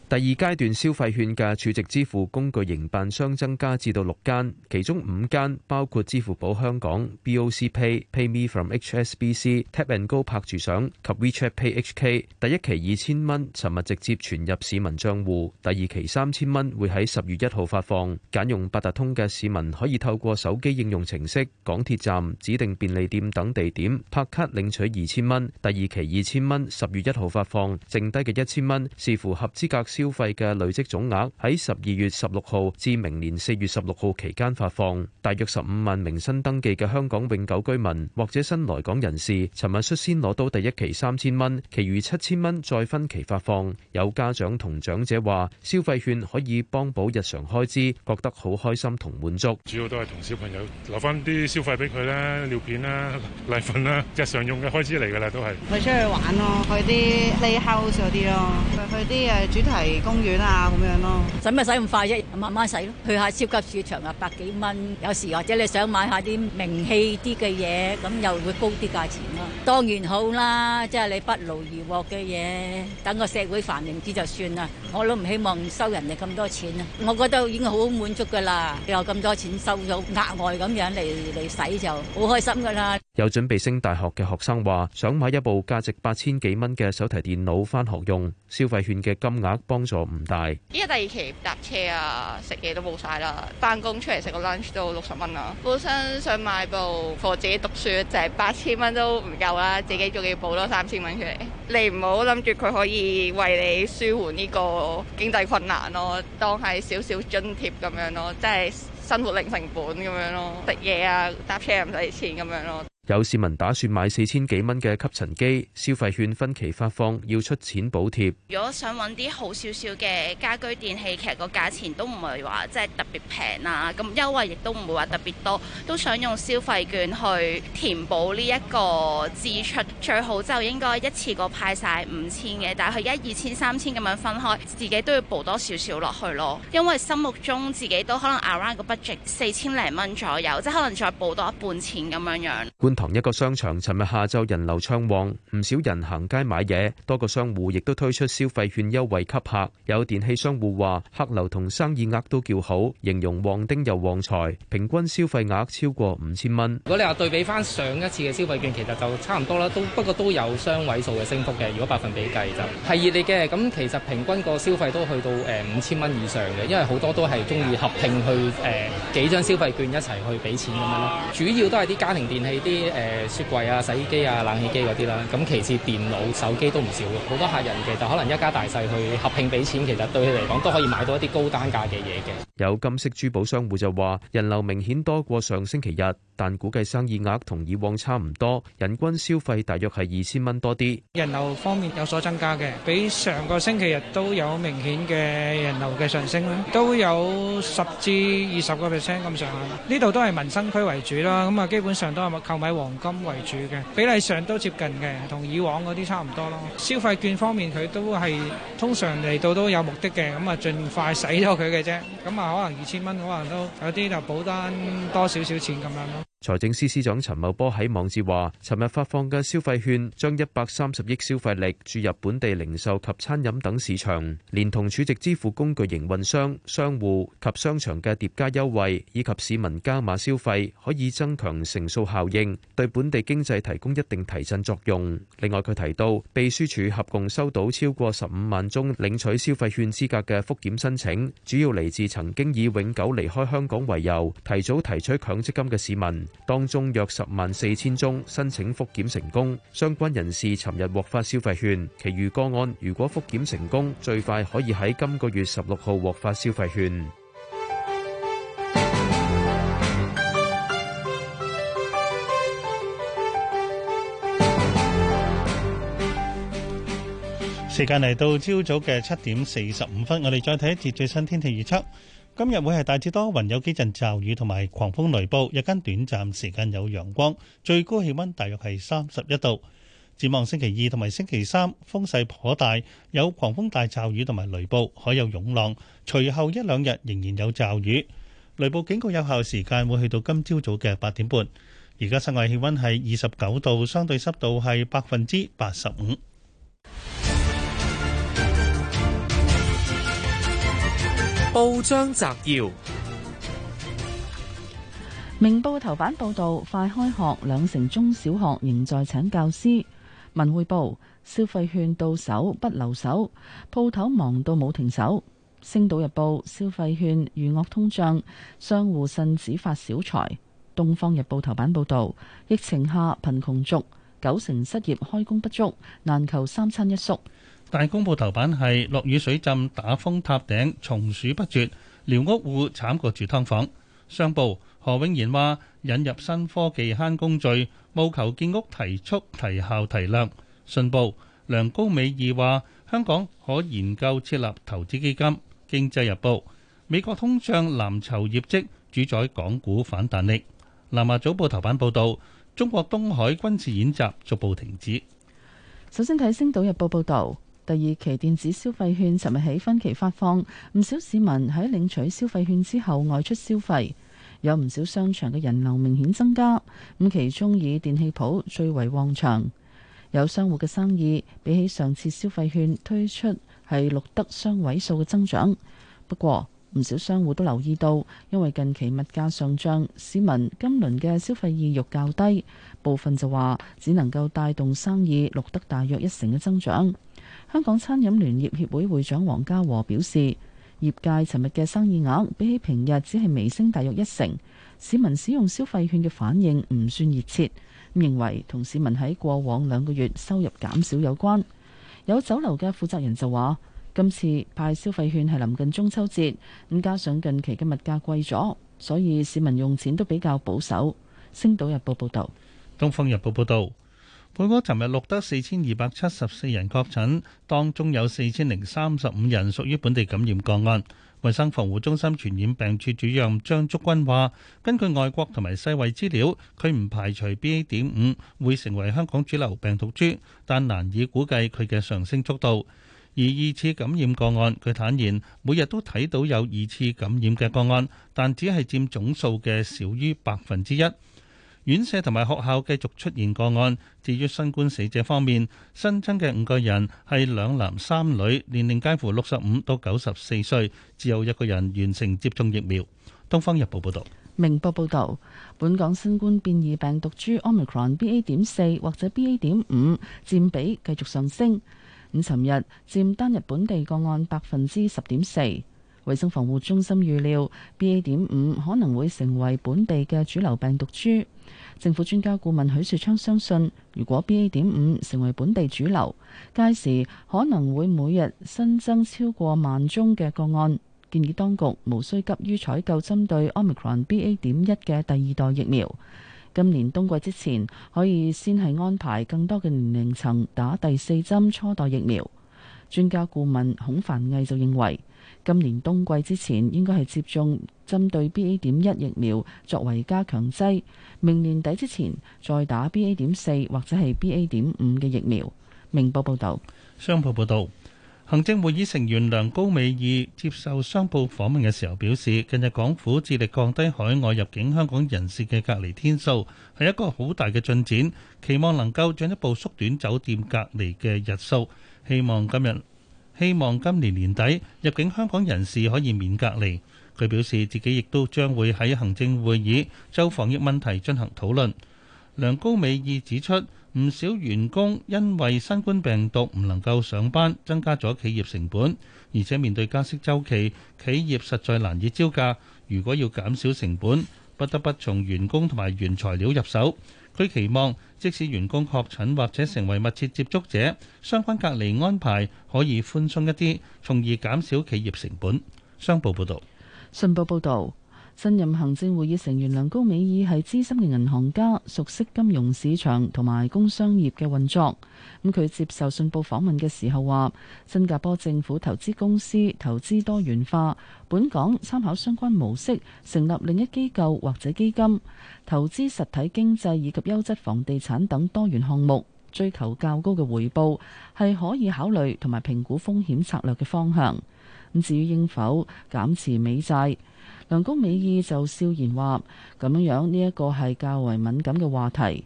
第二階段消費券嘅儲值支付工具營辦商增加至到六間，其中五間包括支付寶香港、BoC Pay、PayMeFromHSBC、TapAndGo 拍住賞及 WeChatPayHK。第一期二千蚊，尋日直接存入市民帳戶；第二期三千蚊會喺十月一號發放。揀用八達通嘅市民可以透過手機應用程式、港鐵站、指定便利店等地點拍卡領取二千蚊。第二期二千蚊，十月一號發放，剩低嘅一千蚊視乎合資格。消費嘅累積總額喺十二月十六號至明年四月十六號期間發放，大約十五萬名新登記嘅香港永久居民或者新來港人士，尋日率先攞到第一期三千蚊，其餘七千蚊再分期發放。有家長同長者話，消費券可以幫補日常開支，覺得好開心同滿足。
主要都係同小朋
友留翻啲消費俾佢啦，尿片啦、奶粉啦，日常用嘅開支嚟噶啦，都係咪
出去玩咯，去啲 theme house 嗰啲咯，去啲誒主題。公園啊，咁樣咯，使咪使咁快啫？慢慢使咯。去下超級市場啊，百幾蚊。有時或者你想買下啲名氣啲嘅嘢，咁又會高啲價錢咯。當然好啦，即係你不勞而獲嘅嘢，等個社會繁榮啲就算啦。我都唔希望收人哋咁多錢啊！我覺得已經好滿足噶啦，又咁多錢收咗額外咁樣嚟嚟使就好開心噶啦。
有準備升大學嘅學生話，想買一部價值八千幾蚊嘅手提電腦返學用，消費券嘅金額幫助唔大。依
家第二期搭車啊，食嘢都冇晒啦。返工出嚟食個 lunch 都六十蚊啦。本身想買部，我自己讀書就係八千蚊都唔夠啦，自己仲要補多三千蚊出嚟。你唔好諗住佢可以為你舒緩呢個經濟困難咯，當係少少津貼咁樣咯，即係生活零成本咁樣咯，
食嘢啊，搭車又唔使錢咁樣咯。
有市民打算買四千幾蚊嘅吸塵機，消費券分期發放要出錢補貼。
如果想揾啲好少少嘅家居電器，其實個價錢都唔係話即係特別平啦，咁優惠亦都唔會話特別多，都想用消費券去填補呢一個支出，最好就應該一次過派晒五千嘅，但係佢一、二千、三千咁樣分開，自己都要補多少少落去咯。因為心目中自己都可能 around 個 budget 四千零蚊左右，即係可能再補多一半錢咁樣樣。
同一個商場，尋日下晝人流暢旺，唔少人行街買嘢，多個商戶亦都推出消費券優惠吸客。有電器商戶話，客流同生意額都叫好，形容旺丁又旺財，平均消費額超過五千蚊。如
果你話對比翻上一次嘅消費券，其實就差唔多啦，都不過都有雙位數嘅升幅嘅。如果百分比計就係熱烈嘅。咁其實平均個消費都去到誒五千蚊以上嘅，因為好多都係中意合併去誒幾張消費券一齊去俾錢咁樣咯。主要都係啲家庭電器啲。啲誒雪櫃啊、洗衣機啊、冷氣機嗰啲啦，咁其次電腦、手機都唔少嘅，好多客人其實可能一家大細去合併俾錢，其實對佢嚟講都可以買到一啲高單價嘅嘢嘅。
有金飾珠寶商戶就話，人流明顯多過上星期日，但估計生意額同以往差唔多，人均消費大約係二千蚊多啲。
人流方面有所增加嘅，比上個星期日都有明顯嘅人流嘅上升啦，都有十至二十個 percent 咁上下。呢度都係民生區為主啦，咁啊基本上都係咪購買。黃金為主嘅比例上都接近嘅，同以往嗰啲差唔多咯。消費券方面佢都係通常嚟到都有目的嘅，咁啊盡快使咗佢嘅啫。咁啊可能二千蚊，可能都有啲就保單多少少錢咁樣咯。
財政司司長陳茂波喺網誌話，尋日發放嘅消費券將一百三十億消費力注入本地零售及餐飲等市場，連同儲值支付工具營運商、商戶及商場嘅疊加優惠，以及市民加碼消費，可以增強乘數效應，對本地經濟提供一定提振作用。另外，佢提到，秘書處合共收到超過十五萬宗領取消費券資格嘅復檢申請，主要嚟自曾經以永久離開香港為由提早提取強積金嘅市民。當中約十萬四千宗申請復檢成功，相關人士尋日獲發消費券，其餘個案如果復檢成功，最快可以喺今個月十六號獲發消費券。
時間嚟到朝早嘅七點四十五分，我哋再睇一節最新天氣預測。今日會係大致多雲，有幾陣驟雨同埋狂風雷暴，日間短暫時間有陽光，最高氣温大約係三十一度。展望星期二同埋星期三風勢頗大，有狂風大驟雨同埋雷暴，海有湧浪。隨後一兩日仍然有驟雨。雷暴警告有效時間會去到今朝早嘅八點半。而家室外氣温係二十九度，相對濕度係百分之八十五。報章摘要：
明報頭版報道，快開學，兩成中小學仍在請教師。文匯報：消費券到手不留手，鋪頭忙到冇停手。星島日報：消費券遇惡通脹，商戶甚至發小財。東方日報頭版報道：疫情下貧窮族，九成失業，開工不足，難求三餐一宿。
大公報頭版係落雨水浸打風塌頂蟲鼠不絕，寮屋戶慘過住劏房。商報何永賢話：引入新科技，慳工序，務求建屋提速、提效、提量。信報梁高美懿話：香港可研究設立投資基金。經濟日報美國通脹藍籌業績主宰港股反彈力。南華早報頭版報道：中國東海軍事演習逐步停止。
首先睇《星島日報,報,報道》報導。第二期電子消費券尋日起分期發放，唔少市民喺領取消費券之後外出消費，有唔少商場嘅人流明顯增加。咁其中以電器鋪最為旺場，有商戶嘅生意比起上次消費券推出係錄得雙位數嘅增長。不過唔少商戶都留意到，因為近期物價上漲，市民今輪嘅消費意欲較低，部分就話只能夠帶動生意錄得大約一成嘅增長。香港餐飲聯業協會會長黃家和表示，業界尋日嘅生意額比起平日只係微升，大約一成。市民使用消費券嘅反應唔算熱切，咁認為同市民喺過往兩個月收入減少有關。有酒樓嘅負責人就話，今次派消費券係臨近中秋節，咁加上近期嘅物價貴咗，所以市民用錢都比較保守。星島日報報道，
東方日報報道。本港尋日錄得四千二百七十四人確診，當中有四千零三十五人屬於本地感染個案。衛生防護中心傳染病處主任張竹君話，根據外國同埋世衛資料，佢唔排除 BA.5 會成為香港主流病毒株，但難以估計佢嘅上升速度。而二次感染個案，佢坦言每日都睇到有二次感染嘅個案，但只係佔總數嘅少於百分之一。院舍同埋學校繼續出現個案。至於新冠死者方面，新增嘅五個人係兩男三女，年齡介乎六十五到九十四歲，只有一個人完成接種疫苗。《東方日報》報道。
《明報》報道，本港新冠變異病毒株 Omicron BA. 點四或者 BA. 點五佔比繼續上升。咁尋日佔單日本地個案百分之十點四。衛生防護中心預料，BA. 點五可能會成為本地嘅主流病毒株。政府專家顧問許樹昌相信，如果 BA 點五成為本地主流，屆時可能會每日新增超過萬宗嘅個案。建議當局無需急於採購針對 Omicron BA 點一嘅第二代疫苗，今年冬季之前可以先係安排更多嘅年齡層打第四針初代疫苗。專家顧問孔凡毅就認為，今年冬季之前應該係接種針對 B A 點一疫苗作為加強劑，明年底之前再打 B A 點四或者係 B A 點五嘅疫苗。明報報導、
商報報導，行政會議成員梁高美懿接受商報訪問嘅時候表示，近日港府致力降低海外入境香港人士嘅隔離天數，係一個好大嘅進展，期望能夠進一步縮短酒店隔離嘅日數，希望今日。希望今年年底入境香港人士可以免隔離，佢表示自己亦都將會喺行政會議就防疫問題進行討論。梁高美意指出，唔少員工因為新冠病毒唔能夠上班，增加咗企業成本，而且面對加息週期，企業實在難以招架，如果要減少成本，不得不從員工同埋原材料入手。佢期望，即使員工確診或者成為密切接觸者，相關隔離安排可以寬鬆一啲，從而減少企業成本。商報報導，
信報報道。新任行政會議成員梁高美懿係資深嘅銀行家，熟悉金融市場同埋工商業嘅運作。咁佢接受信報訪問嘅時候話：新加坡政府投資公司投資多元化，本港參考相關模式，成立另一機構或者基金，投資實體經濟以及優質房地產等多元項目，追求較高嘅回報，係可以考慮同埋評估風險策略嘅方向。咁至於應否減持美債？梁國美意就笑言話：咁樣樣呢一個係較為敏感嘅話題。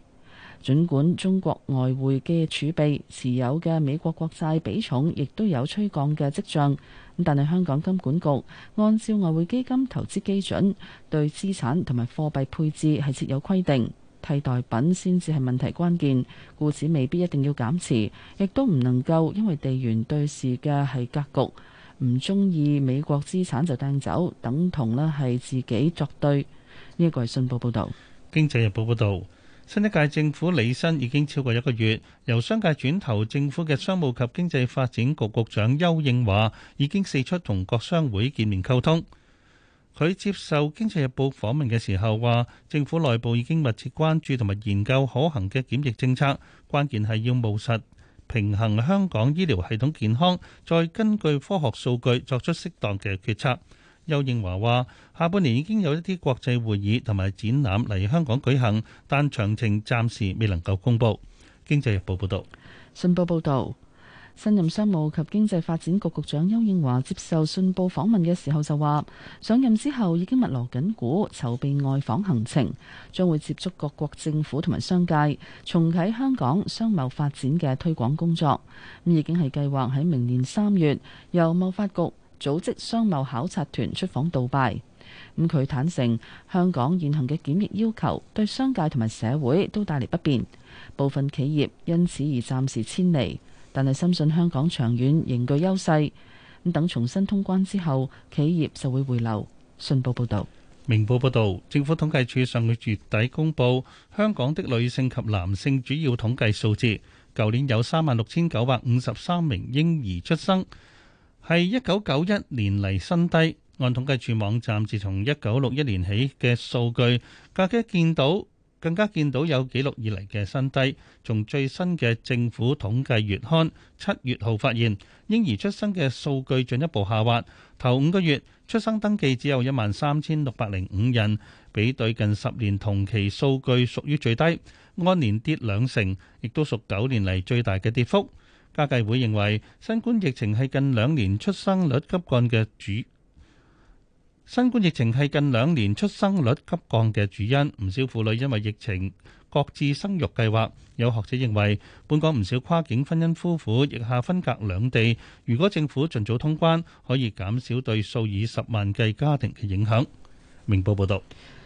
儘管中國外匯嘅儲備持有嘅美國國債比重亦都有趨降嘅跡象，咁但係香港金管局按照外匯基金投資基準對資產同埋貨幣配置係設有規定，替代品先至係問題關鍵，故此未必一定要減持，亦都唔能夠因為地緣對峙嘅係格局。唔中意美國資產就掟走，等同咧係自己作對。呢一個係信報報道，經濟日報報道。
新一屆政府履新已經超過一個月，由商界轉投政府嘅商務及經濟發展局局長邱應華已經四出同各商會見面溝通。佢接受《經濟日報》訪問嘅時候話，政府內部已經密切關注同埋研究可行嘅檢疫政策，關鍵係要務實。平衡香港醫療系統健康，再根據科學數據作出適當嘅決策。邱應華話：下半年已經有一啲國際會議同埋展覽嚟香港舉行，但詳情暫時未能夠公布。經濟日報報道。
信報報導。新任商務及經濟發展局局長邱應華接受信報訪問嘅時候就話，上任之後已經密鑼緊鼓籌備外訪行程，將會接觸各國政府同埋商界，重啟香港商貿發展嘅推廣工作。咁已經係計劃喺明年三月由貿發局組織商貿考察團出訪杜拜。咁佢坦承，香港現行嘅檢疫要求對商界同埋社會都帶嚟不便，部分企業因此而暫時遷離。但係深信香港長遠仍具優勢。咁等重新通關之後，企業就會回流。信報報導，
明報報導，政府統計處上個月底公佈香港的女性及男性主要統計數字。舊年有三萬六千九百五十三名嬰兒出生，係一九九一年嚟新低。按統計處網站，自從一九六一年起嘅數據，大家見到。更加見到有紀錄以嚟嘅新低，從最新嘅政府統計月刊七月號發現，嬰兒出生嘅數據進一步下滑。頭五個月出生登記只有一萬三千六百零五人，比對近十年同期數據屬於最低，按年跌兩成，亦都屬九年嚟最大嘅跌幅。家計會認為，新冠疫情係近兩年出生率急降嘅主。新冠疫情係近兩年出生率急降嘅主因，唔少婦女因為疫情擱置生育計劃。有學者認為，本港唔少跨境婚姻夫婦疫下分隔兩地，如果政府盡早通關，可以減少對數以十萬計家庭嘅影響。明報報導，
《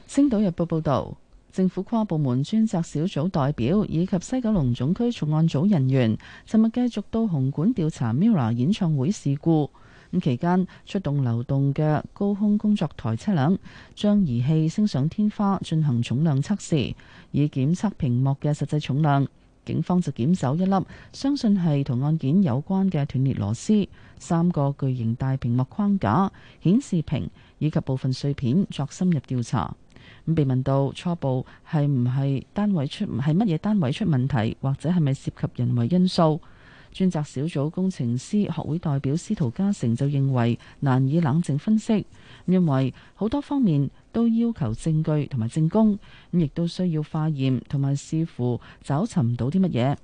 星島日報》報道，政府跨部門專責小組代表以及西九龍總區重案組人員，尋日繼續到紅館調查 MIRROR 演唱會事故。咁期間出動流動嘅高空工作台車輛，將儀器升上天花進行重量測試，以檢測屏幕嘅實際重量。警方就檢走一粒，相信係同案件有關嘅斷裂螺絲、三個巨型大屏幕框架、顯示屏以及部分碎片作深入調查。咁被問到初步係唔係單位出係乜嘢單位出問題，或者係咪涉及人為因素？專責小組工程師學會代表司徒嘉成就認為難以冷靜分析，因為好多方面都要求證據同埋證供，咁亦都需要化驗同埋視乎找尋唔到啲乜嘢。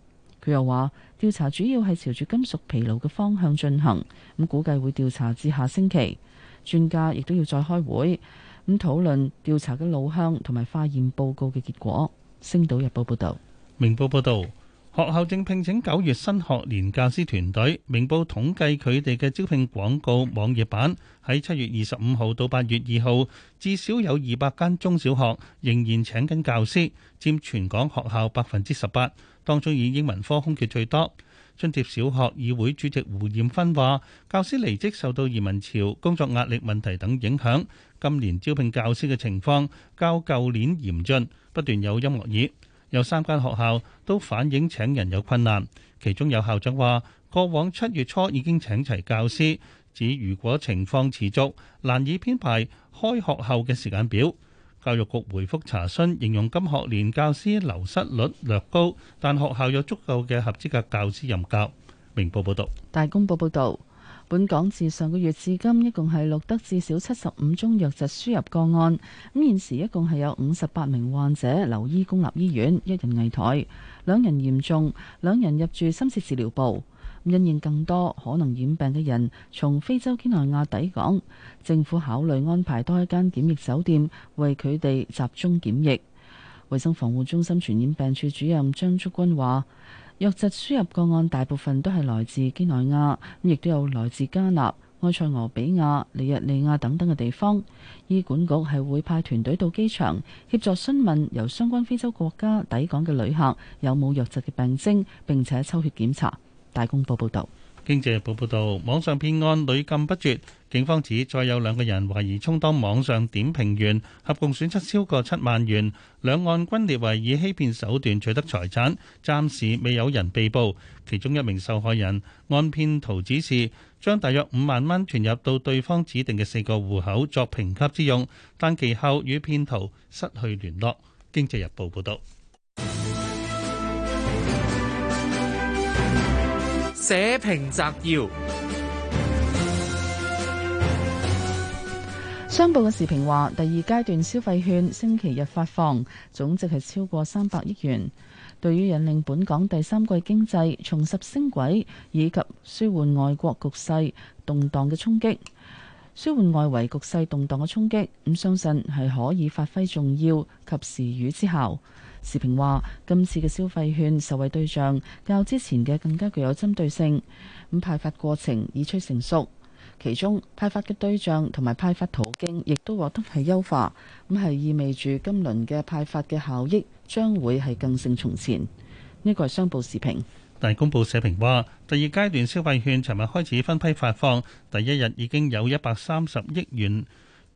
佢又話調查主要係朝住金屬疲勞嘅方向進行，咁估計會調查至下星期。專家亦都要再開會咁討論調查嘅路向同埋化驗報告嘅結果。星島日報報道。
明報報道。學校正聘請九月新學年教師團隊，明報統計佢哋嘅招聘廣告網頁版喺七月二十五號到八月二號，至少有二百間中小學仍然請緊教師，佔全港學校百分之十八，當中以英文科空缺最多。津貼小學議會主席胡艷芬話：教師離職受到移民潮、工作壓力問題等影響，今年招聘教師嘅情況較舊年嚴峻，不斷有音樂椅。有三間學校都反映請人有困難，其中有校長話，過往七月初已經請齊教師，指如果情況持續，難以編排開學後嘅時間表。教育局回復查詢，形容今學年教師流失率略高，但學校有足夠嘅合資格教師任教。明報報道。
大公報報道。本港自上個月至今，一共係錄得至少七十五宗瘧疾輸入個案。咁現時一共係有五十八名患者留醫公立醫院，一人危殆，兩人嚴重，兩人入住深切治療部。因應更多可能染病嘅人從非洲幾內亞抵港，政府考慮安排多一間檢疫酒店為佢哋集中檢疫。衛生防護中心傳染病處主任張竹君話。瘧疾輸入個案大部分都係來自幾內亞，咁亦都有來自加納、埃塞俄比亞、尼日利亞等等嘅地方。醫管局係會派團隊到機場協助詢問由相關非洲國家抵港嘅旅客有冇瘧疾嘅病徵，並且抽血檢查。大公報報道。
《經濟日報》報道，網上騙案屢禁不絕，警方指再有兩個人懷疑充當網上點評員，合共損失超過七萬元，兩案均列為以欺騙手段取得財產，暫時未有人被捕。其中一名受害人按騙徒指示，將大約五萬蚊存入到對方指定嘅四個戶口作評級之用，但其後與騙徒失去聯絡。《經濟日報》報道。
社評摘要，
商報嘅時評話，第二階段消費券星期日發放，總值係超過三百億元，對於引領本港第三季經濟重拾升軌，以及舒緩外國局勢動蕩嘅衝擊，舒緩外圍局勢動蕩嘅衝擊，咁相信係可以發揮重要及時雨之效。時評話，今次嘅消費券受惠對象較之前嘅更加具有針對性，咁派發過程已趨成熟，其中派發嘅對象同埋派發途徑亦都獲得係優化，咁係意味住今輪嘅派發嘅效益將會係更勝從前。呢個係商報時評，
但係大公報社評話，第二階段消費券尋日開始分批發放，第一日已經有一百三十億元。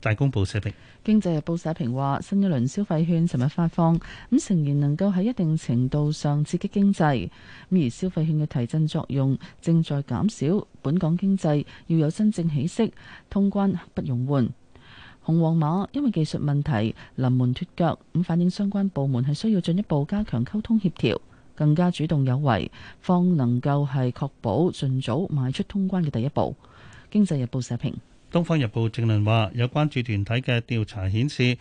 大公報社
評，經濟日報社評話：新一輪消費券尋日發放，咁仍然能夠喺一定程度上刺激經濟。咁而消費券嘅提振作用正在減少，本港經濟要有真正起色，通關不容緩。紅黃碼因為技術問題臨門脱腳，咁反映相關部門係需要進一步加強溝通協調，更加主動有為，方能夠係確保盡早邁出通關嘅第一步。經濟日報社評。
《東方日報》正論話，有關注團體嘅調查顯示，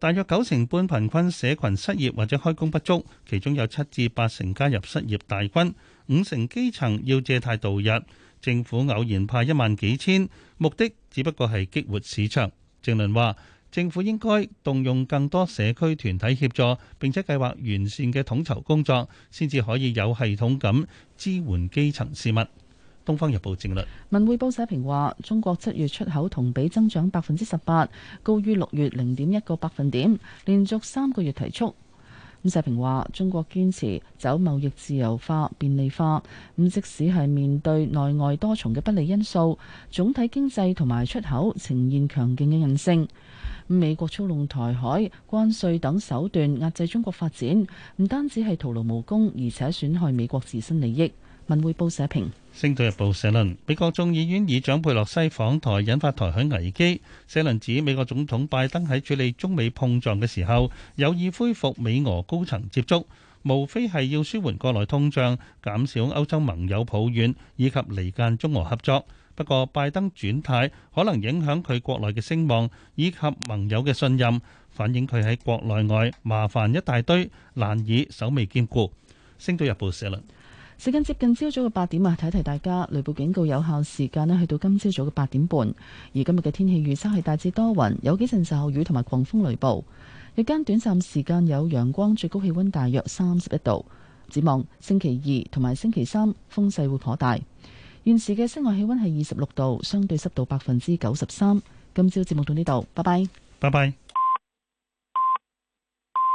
大約九成半貧困社群失業或者開工不足，其中有七至八成加入失業大軍，五成基層要借貸度日。政府偶然派一萬幾千，目的只不過係激活市場。正論話，政府應該動用更多社區團體協助，並且計劃完善嘅統籌工作，先至可以有系統咁支援基層事物。《東方日報》正論。
文匯報社評話，中國七月出口同比增長百分之十八，高於六月零點一個百分點，連續三個月提速。咁社評話，中國堅持走貿易自由化便利化，咁即使係面對內外多重嘅不利因素，總體經濟同埋出口呈現強勁嘅韌性。美國操弄台海關稅等手段壓制中國發展，唔單止係徒勞無功，而且損害美國自身利益。文匯報社評，
《星島日報》社論：美國眾議院議長佩洛西訪台引發台海危機，社論指美國總統拜登喺處理中美碰撞嘅時候，有意恢復美俄高層接觸，無非係要舒緩國內通脹、減少歐洲盟友抱怨以及離間中俄合作。不過拜登轉態可能影響佢國內嘅聲望以及盟友嘅信任，反映佢喺國內外麻煩一大堆，難以首尾兼顧。《星島日報》社論。
時間接近朝早嘅八點啊，提提大家雷暴警告有效時間呢，去到今朝早嘅八點半。而今日嘅天氣預測係大致多雲，有幾陣驟雨同埋狂風雷暴，日間短暫時間有陽光，最高氣溫大約三十一度。展望，星期二同埋星期三風勢會頗大。現時嘅室外氣溫係二十六度，相對濕度百分之九十
三。今朝節目到呢度，拜拜，
拜拜。